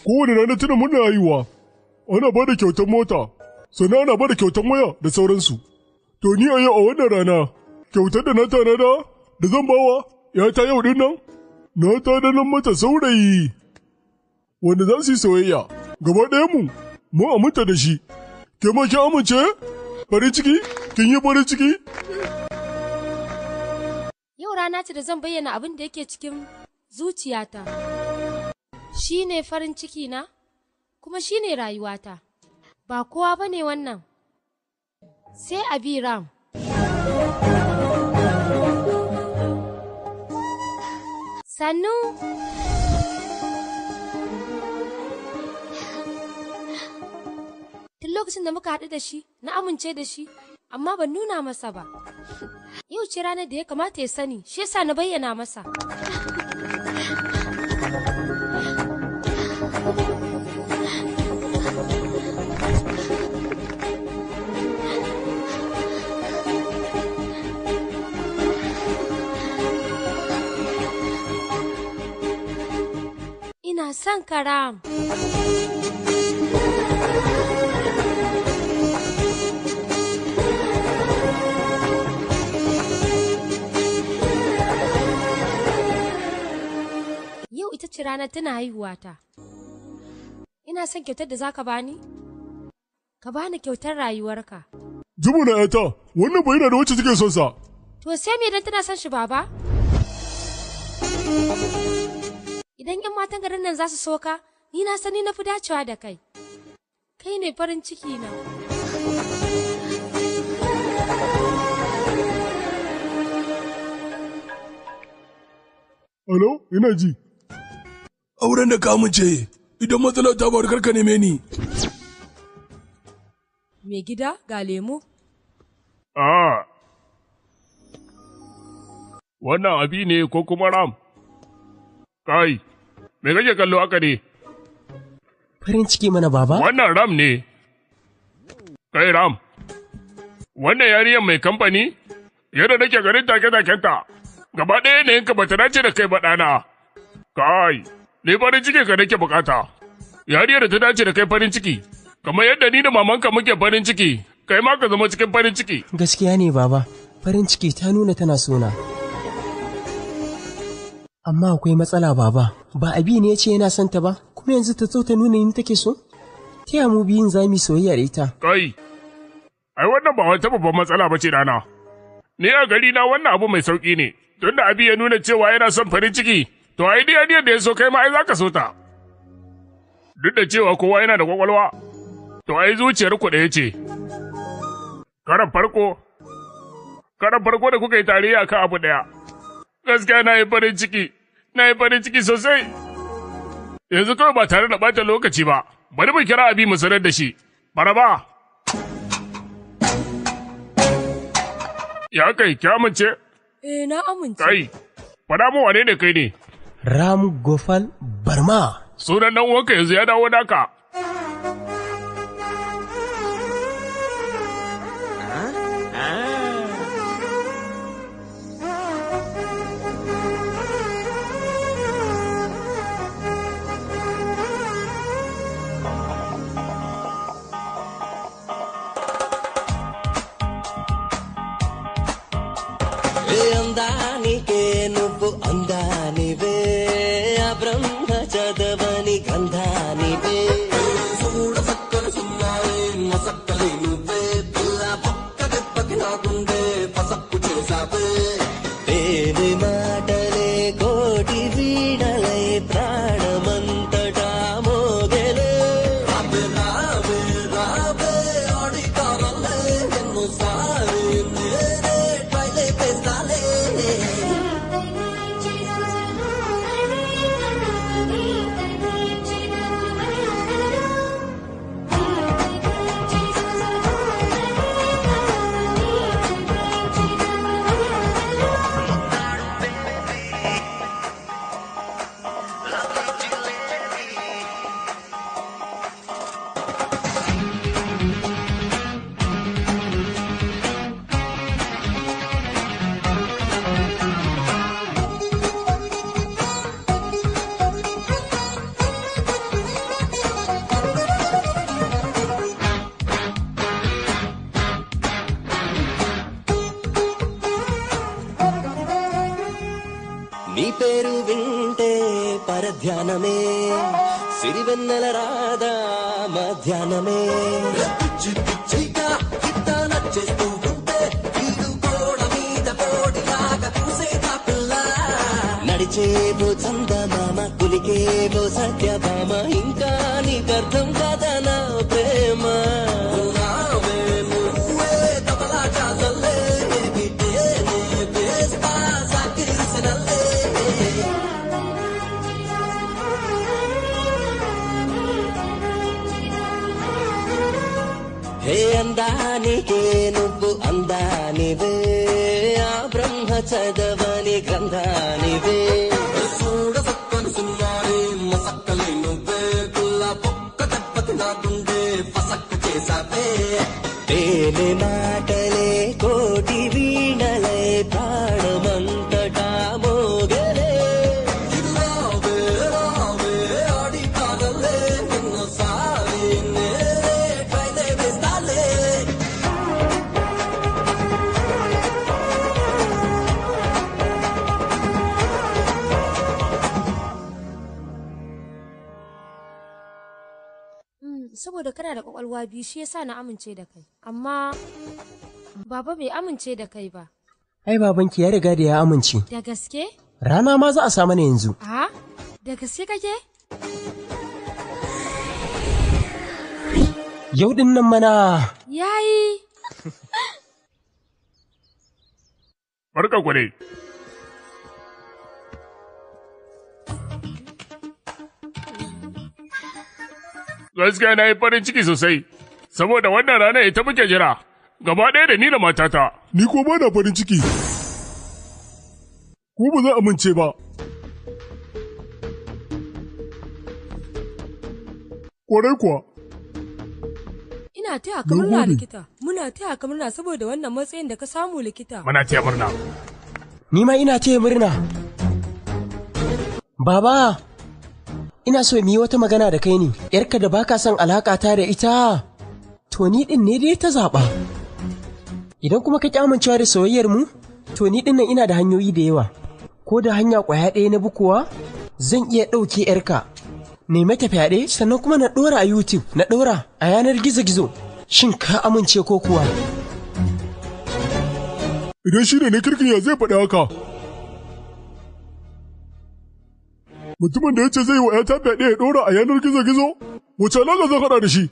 Kowane rana tuna muna yi wa. ana ba da kyautar mota, sannan ana ba da kyautar waya da sauransu. To ni a yau a wannan rana, kyautar da na tanada da zan bawa ya ta yau din nan, na tanadar mata saurayi. Wanda za su yi soyayya, gaba ɗaya mu, mu aminta da shi. Ke ma ki amince? Farin ciki? Kin yi farin ciki? Yau rana ce da zan bayyana abin da yake cikin zuciyata. Shi ne farin ciki na? kuma shi ne rayuwata ba kowa ba ne wannan sai Abiram. sannu tun lokacin da muka haɗu da shi na amince da shi amma ban nuna masa ba yau ce ranar da ya kamata ya sani shi yasa na bayyana masa ina son karam. Yau ita ce ranar tana haihuwa ta. Ina son kyautar da za ka bani? Ka bani kyautar rayuwarka. na ‘yata, wannan bai da wacce cikin son sa. To sai me dan tana son shi baba? idan ‘yan matan garin nan za su soka, ni na sani na fi dacewa da kai. Kai ne farin ciki na. Alo, ina ji. Auren da kamun ce, idan matsala ta faru karka neme ni. Me gida ga lemu? A. Ah. Wannan abi ne ko kuma ram? Kai, me kake kallo haka ne? Farin ciki mana baba? Wannan Ram ne. Kai Ram, wannan yariyan mai kamfani? Yadda nake ganin take-takenta, gaba ɗaya yanayinka ba ta dace da kai ba ɗana. Kai, ni farin ciki ka nake bukata. Yariyar da ta dace da kai farin ciki, kamar yadda ni da mamanka muke farin ciki, kai ma ka zama cikin farin ciki. Gaskiya ne baba, farin ciki ta nuna tana sona. Amma akwai matsala baba, ba abi ne ya ce yana son ta ba, kuma yanzu ta zo ta nuna ni take so? Ta mu biyun za mu soyayya da ita. Kai, ai wannan ba wata babban matsala ba ce dana. Ni a gari na wannan abu mai sauƙi ne, tunda abi ya nuna cewa yana son farin ciki, to ai dai da ya so kai ma ai za so ta. Duk da cewa kowa yana da kwakwalwa, to ai zuciyar ku ɗaya ce. Karan farko, karan farko da kuka yi tarayya kan abu ɗaya. Gaskiya na yi farin ciki, na yi farin ciki sosai. Yanzu kawai ba tare da ɓata lokaci ba, bari mu kira abi mu sanar da shi. bara ba. Ya kai, ki amince? Eh, na amince. Kai, faɗa mu wane ne kai ne? Ram Gofal Barma. Sunan ɗan wanka yanzu ya dawo daka. da shi yasa na amince da kai amma baba bai amince da kai ba ai baban ki, ya riga da ya amince da gaske rana ma za a sa mana yanzu a da gaske kake yau din nan mana yayi barka ku gaskiya na yi farin ciki sosai saboda wannan rana ita muke jira, gaba ɗaya da ni da matata. Ni ko ba na farin ciki. Ku ba za a amince ba. Kwarai kuwa. Ina taya ka murna likita, muna taya ka murna saboda wannan matsayin da ka samu likita. Muna taya murna. Ni ma ina taya murna. Baba, ina so mu yi wata magana da kai ne, ‘yarka da baka son alaƙa ta da ita. to ni ɗin ne dai ta zaɓa. Idan kuma ka ƙi amincewa da soyayyar mu, to ni ɗin nan ina da hanyoyi da yawa. Ko da hanya kwaya ɗaya na bukuwa, zan iya ɗauke ƴarka, Ne ta fyaɗe, sannan kuma na ɗora a YouTube, na ɗora a yanar gizo-gizo. Shin ka amince ko kuwa? Idan shi ne na kirkin ya zai faɗi haka. Mutumin da ya ce zai yi wa ‘yata fyaɗe ya ɗora a yanar gizo-gizo? Wace alaƙa zan haɗa da shi?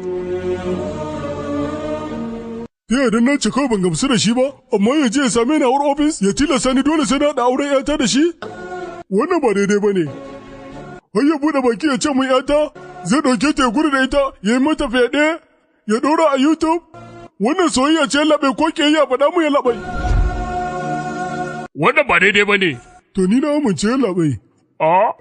ya idan na kawai ban gamsu da shi ba amma ya je ya same ni a wurin ofis ya tilasta ni dole sai na da auren yata da shi wannan ba daidai ba ne har ya buɗe baki ya ce mun yata zai ɗauke ta ya gudu da ita ya yi mata fyaɗe ya ɗora a youtube wannan soyayya ce laɓe ko ke ya faɗa mu ya laɓai. wannan ba daidai ba ne to ni na amince ya laɓai. a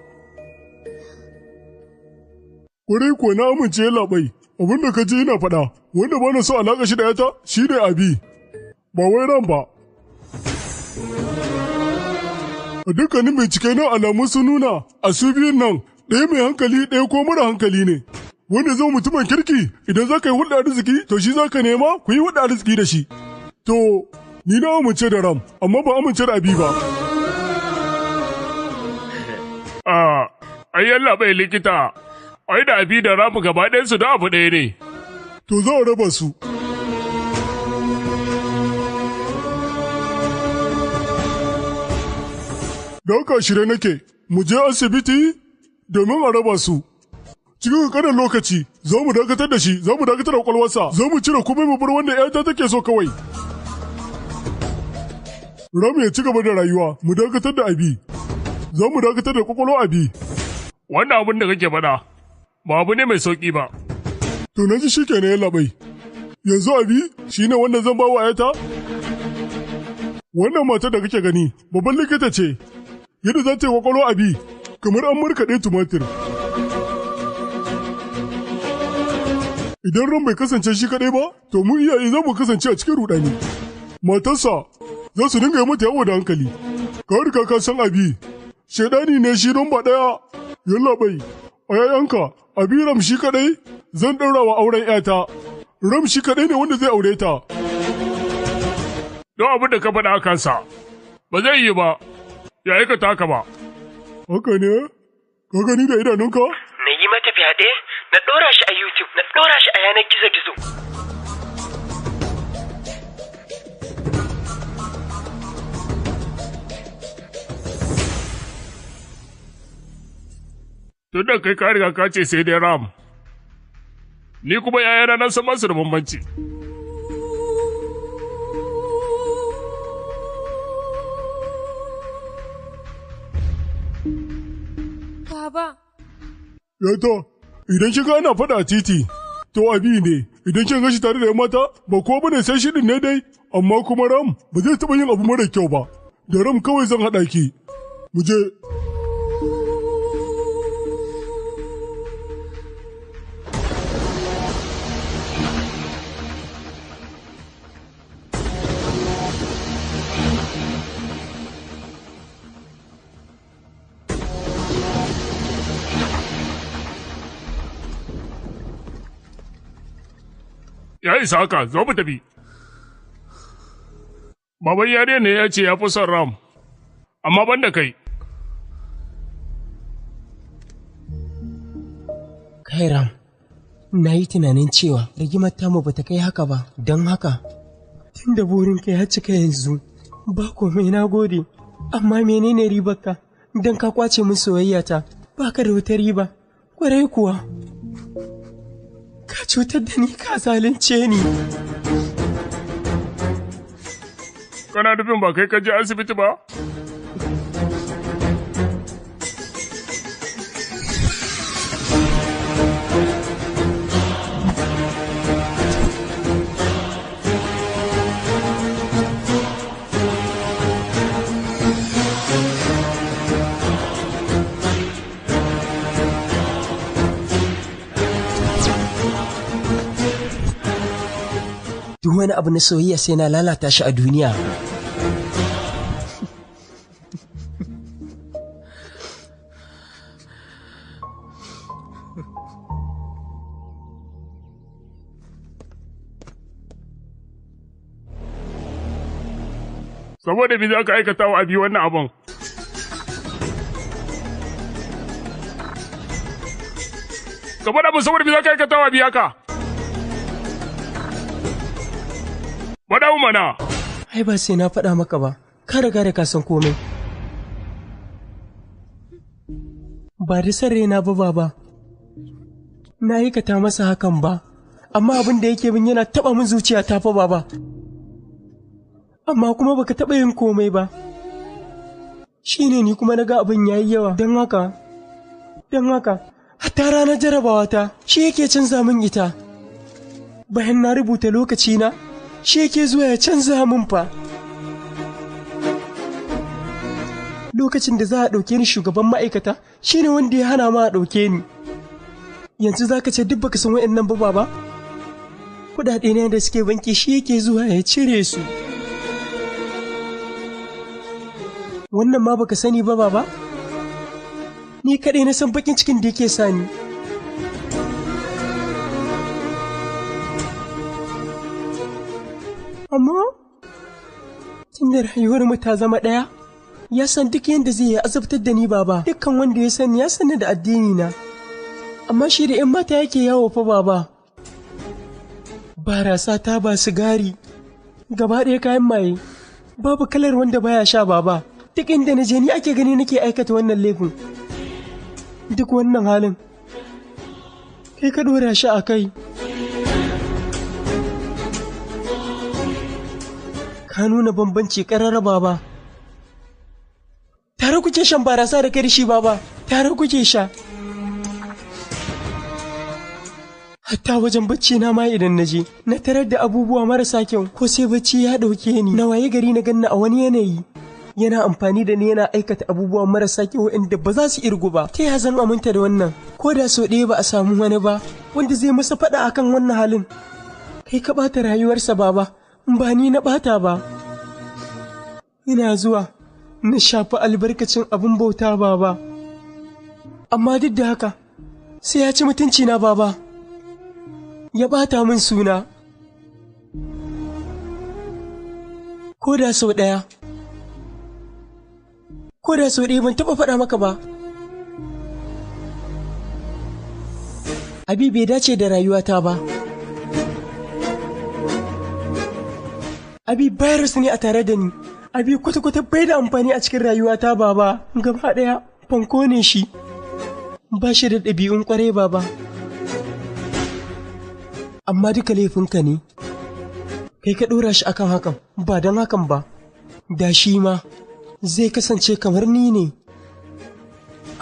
ƙwarai kuwa na amince ya laɓai. abin da ka ji yana faɗa wanda ba na so alaƙa shi da yata shi ne abi ba wai ran ba a dukkanin bincike na alamu su nuna a su biyun nan ɗaya mai hankali ɗaya ko mara hankali ne wanda zama mutumin kirki idan za ka yi hulɗa arziki to shi za ka nema ku yi hulɗa arziki da shi to ni na amince da ram amma ba amince da abi ba a ah, ayyalla bai likita ai da abi da ramu gaba ɗayansu da abu ɗaya ne. To za a raba su. Da haka shirye nake, mu je asibiti domin a raba su. Cikin ƙanan lokaci, za mu dakatar da shi, za mu dakatar da ƙwaƙwalwarsa, za mu cire kuma mu bar wanda ‘yata take so kawai. Ramu ya ci gaba da rayuwa, mu dakatar da abi. Za mu dakatar da ƙwaƙwalwa, abi. Wannan abin da kake faɗa. ba abu ne mai sauƙi ba. To na ji shi ke ya yanzu abi shi ne wanda zan ba wa yata? Wannan matar da kake gani babban likita ce, yadda za ta yi kwakwalwa abi kamar an markaɗe tumatir. Idan ran bai kasance shi kaɗai ba, to mu iyaye zamu mu kasance a cikin ruɗani. Matarsa za su dinga yi mata yawo da hankali. Ka riga ka san abi, shaidani ne shi don ba ɗaya, yalla bai, a yayanka bi ramshi kaɗai zan ɗaura wa auren ‘yata, Ram shi kaɗai ne wanda zai aure ta. Don abin da ka faɗa a kansa, ba zai yi ba, ya aikata haka ba. Haka ne, ka gani da idanunka? Na yi mata fyaɗe, na ɗora shi a YouTube, na ɗora shi a yanar gizo-gizo. tun da kai ka riga ka ce sai dai ram ni kuma 'ya'ya na san masu da bambanci Baba. Yato, idan shiga ana faɗa titi, to abi ne, idan kin gashi tare da yan mata, ba ko bane sai shirin ne dai, amma kuma ram ba zai taɓa yin abu mara kyau ba, da ram kawai zan haɗa ki. Mu ya isa haka zo mu tafi. Baban yare ne ya ce ya fi son ram, amma ban da kai. Kai ram, na yi tunanin cewa rigimar tamu ba ta kai haka ba, don haka. Tun da ka ya cika yanzu, ba komai na gode, amma menene ribarka don ka kwace min soyayyata, ba ka da wata riba, kwarai kuwa. Ka cutar da ni ka zalunce ni. Kana nufin ba kai ka je asibiti ba? duk wani abu na soyayya sai na lalata shi a duniya saboda me za ka aikata wa abi wannan abun saboda mu saboda me za ka aikata wa abi haka faɗa mana. Ai ba sai na faɗa maka ba, ka riga ka san komai. Ba da san raina ba baba, na yi ta masa hakan ba, amma abin da yake bin yana taɓa min zuciya ta fa ba. Amma kuma baka taɓa yin komai ba. Shi ne ni kuma na abin ya yi yawa don haka, don haka, hatta ranar jarabawa ta shi yake canza min ita. Bayan na rubuta lokaci na. shi yake zuwa ya canza min fa lokacin da za a ɗauke ni shugaban ma'aikata shine wanda ya hana ma a ɗauke ni yanzu za ka ce duk baka san wa'annan ba baba kuɗaɗe ne da suke banki shi yake zuwa ya cire su wannan ma baka sani ba ni kaɗai na san bakin cikin da yake sani Amma, tunda rayuwar mu ta zama ɗaya, ya san duk yadda zai yi azabtar da ni baba, dukkan wanda ya sani ya sani da addini na. Amma shi da ‘yan mata yake yawo fa baba. Barasa ta ba sigari, gaba ɗaya kayan maye, babu kalar wanda baya sha baba. Duk inda na je ni ake gani nake aikata wannan laifin. Duk wannan halin, kai ka ɗora shi a kai. ka nuna bambanci ƙararraba ba tare kuke shan barasa da kai da ba tare kuke sha hatta wajen bacci na ma idan na je na tarar da abubuwa marasa kyau ko sai bacci ya ɗauke ni na waye gari na ganna a wani yanayi yana amfani da ni yana aikata abubuwa marasa kyau inda ba za su irgu ba ta ya zan aminta da wannan ko da sau ɗaya ba a samu wani ba wanda zai masa faɗa akan wannan halin kai ka ɓata rayuwarsa ba ba ba ni na bata ba. Ina zuwa, na shafi albarkacin abin bauta ba ba Amma duk da haka, sai ya ci mutunci na baba. Ya ɓata min suna. Ko da sau ɗaya. Ko sau ɗaya ban taɓa faɗa maka ba. Habibu bai dace da rayuwata ba. abi virus ne a tare da ni abi kwata-kwata bai da amfani a cikin rayuwata baba gaba ɗaya fanko ne shi ba shi da ɗabi'un ƙwarai baba amma duka laifinka ne kai ka ɗora shi akan hakan ba don hakan ba da shi ma zai kasance kamar ni ne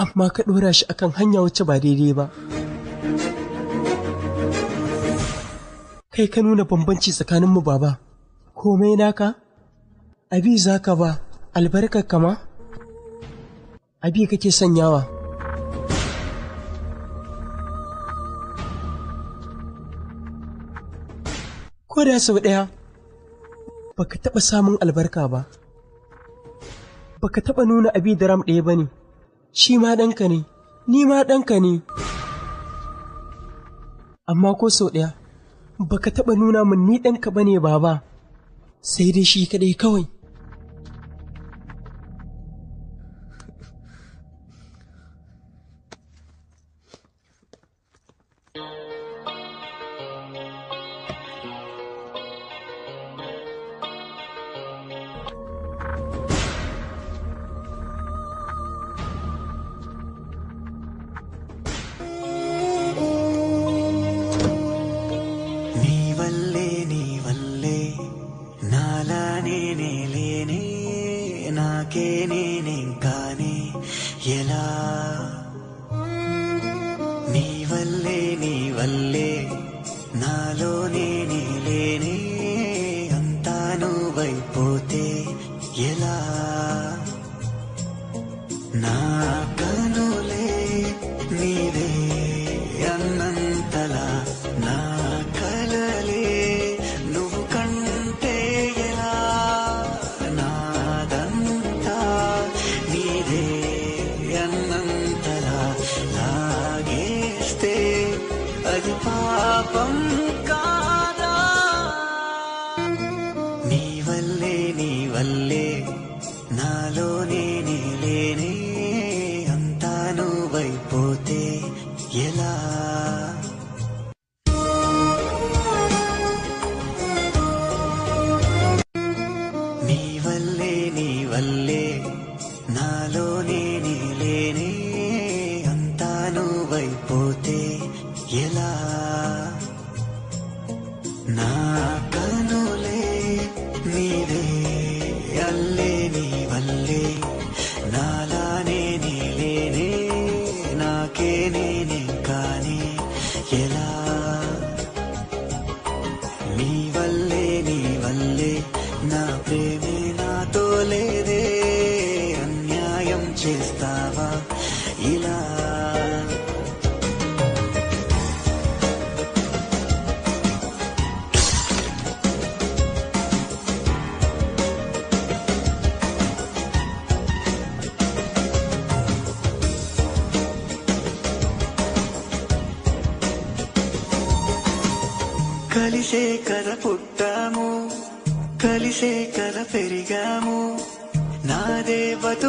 amma ka ɗora shi akan hanya wacce ba daidai ba kai ka nuna bambanci tsakaninmu baba komai naka abi za ka ba albarkar kama abi kake sanyawa ko da sau ɗaya ka taɓa samun albarka ba baka taɓa nuna abi da ram ɗaya ba ne shi ma ɗanka ne ni ma ɗanka ne amma ko sau ɗaya baka taɓa nuna min ni ɗanka ba ne baba sai dai shi kaɗai kawai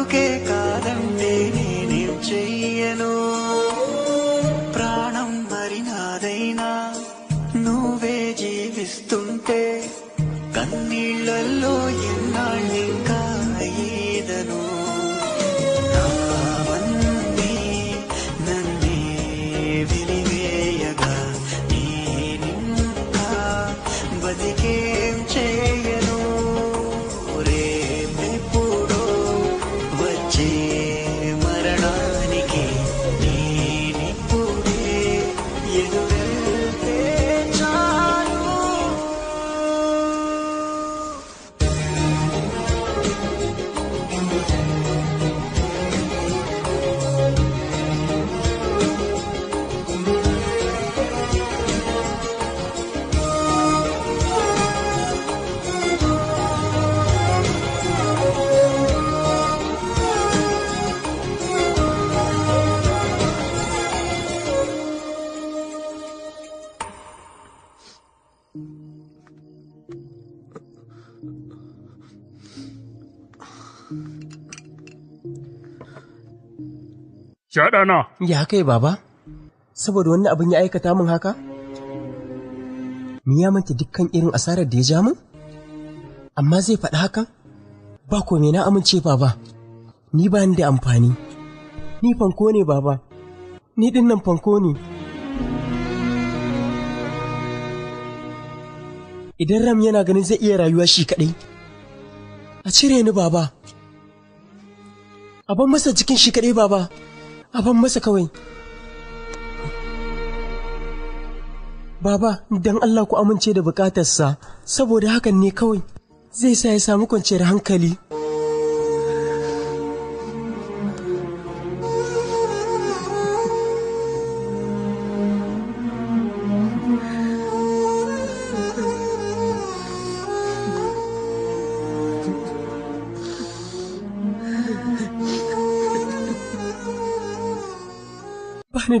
que cae. Ya na. Ya haka yi baba? Saboda wani abin ya aikata min haka? Ni ya manta dukkan irin asarar da ya ja min? Amma zai faɗi haka? Ba ko na amince baba. Ni ba ni da amfani. Ni fanko ne baba. Ni ɗin nan fanko ne. Idan Ram yana ganin zai iya rayuwa shi kaɗai. A cire ni baba. A ban masa jikin shi kaɗai baba. a masa kawai baba don Allah ku amince da bukatarsa saboda hakan ne kawai zai sa ya samu kwanciyar hankali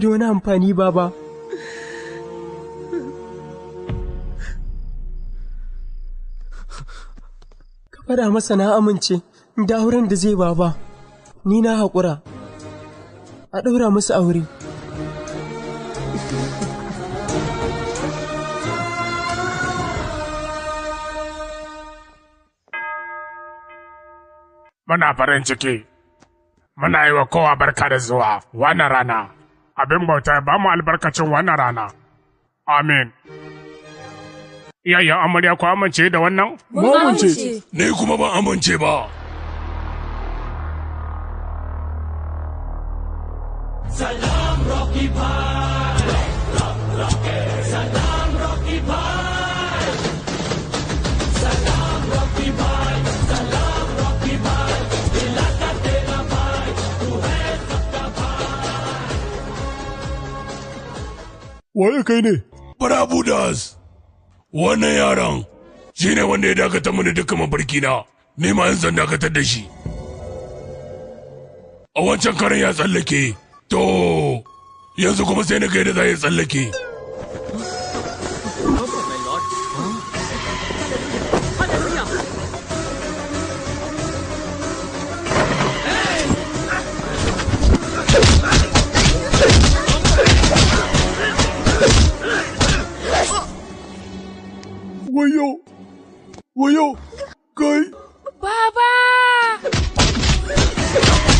tana da wani amfani baba ka faɗa masa na amince da auren da zai baba ni na haƙura a ɗaura musu aure muna farin ciki muna yi wa kowa barka da zuwa wannan rana abin bauta ba mu albarkacin wannan rana. Amin. Iyayen amarya ku amince da wannan? Mu amince. Ne kuma ban amince ba. Salam Rocky Park. waye kai ne? Bravo das, wannan yaron shi ne wanda ya dakata mini dukkan mafarki na, ni ma yanzu dakatar da shi. A wancan karen ya tsallake, to yanzu kuma sai na kai da za ya tsallake. 我要，我要给爸爸。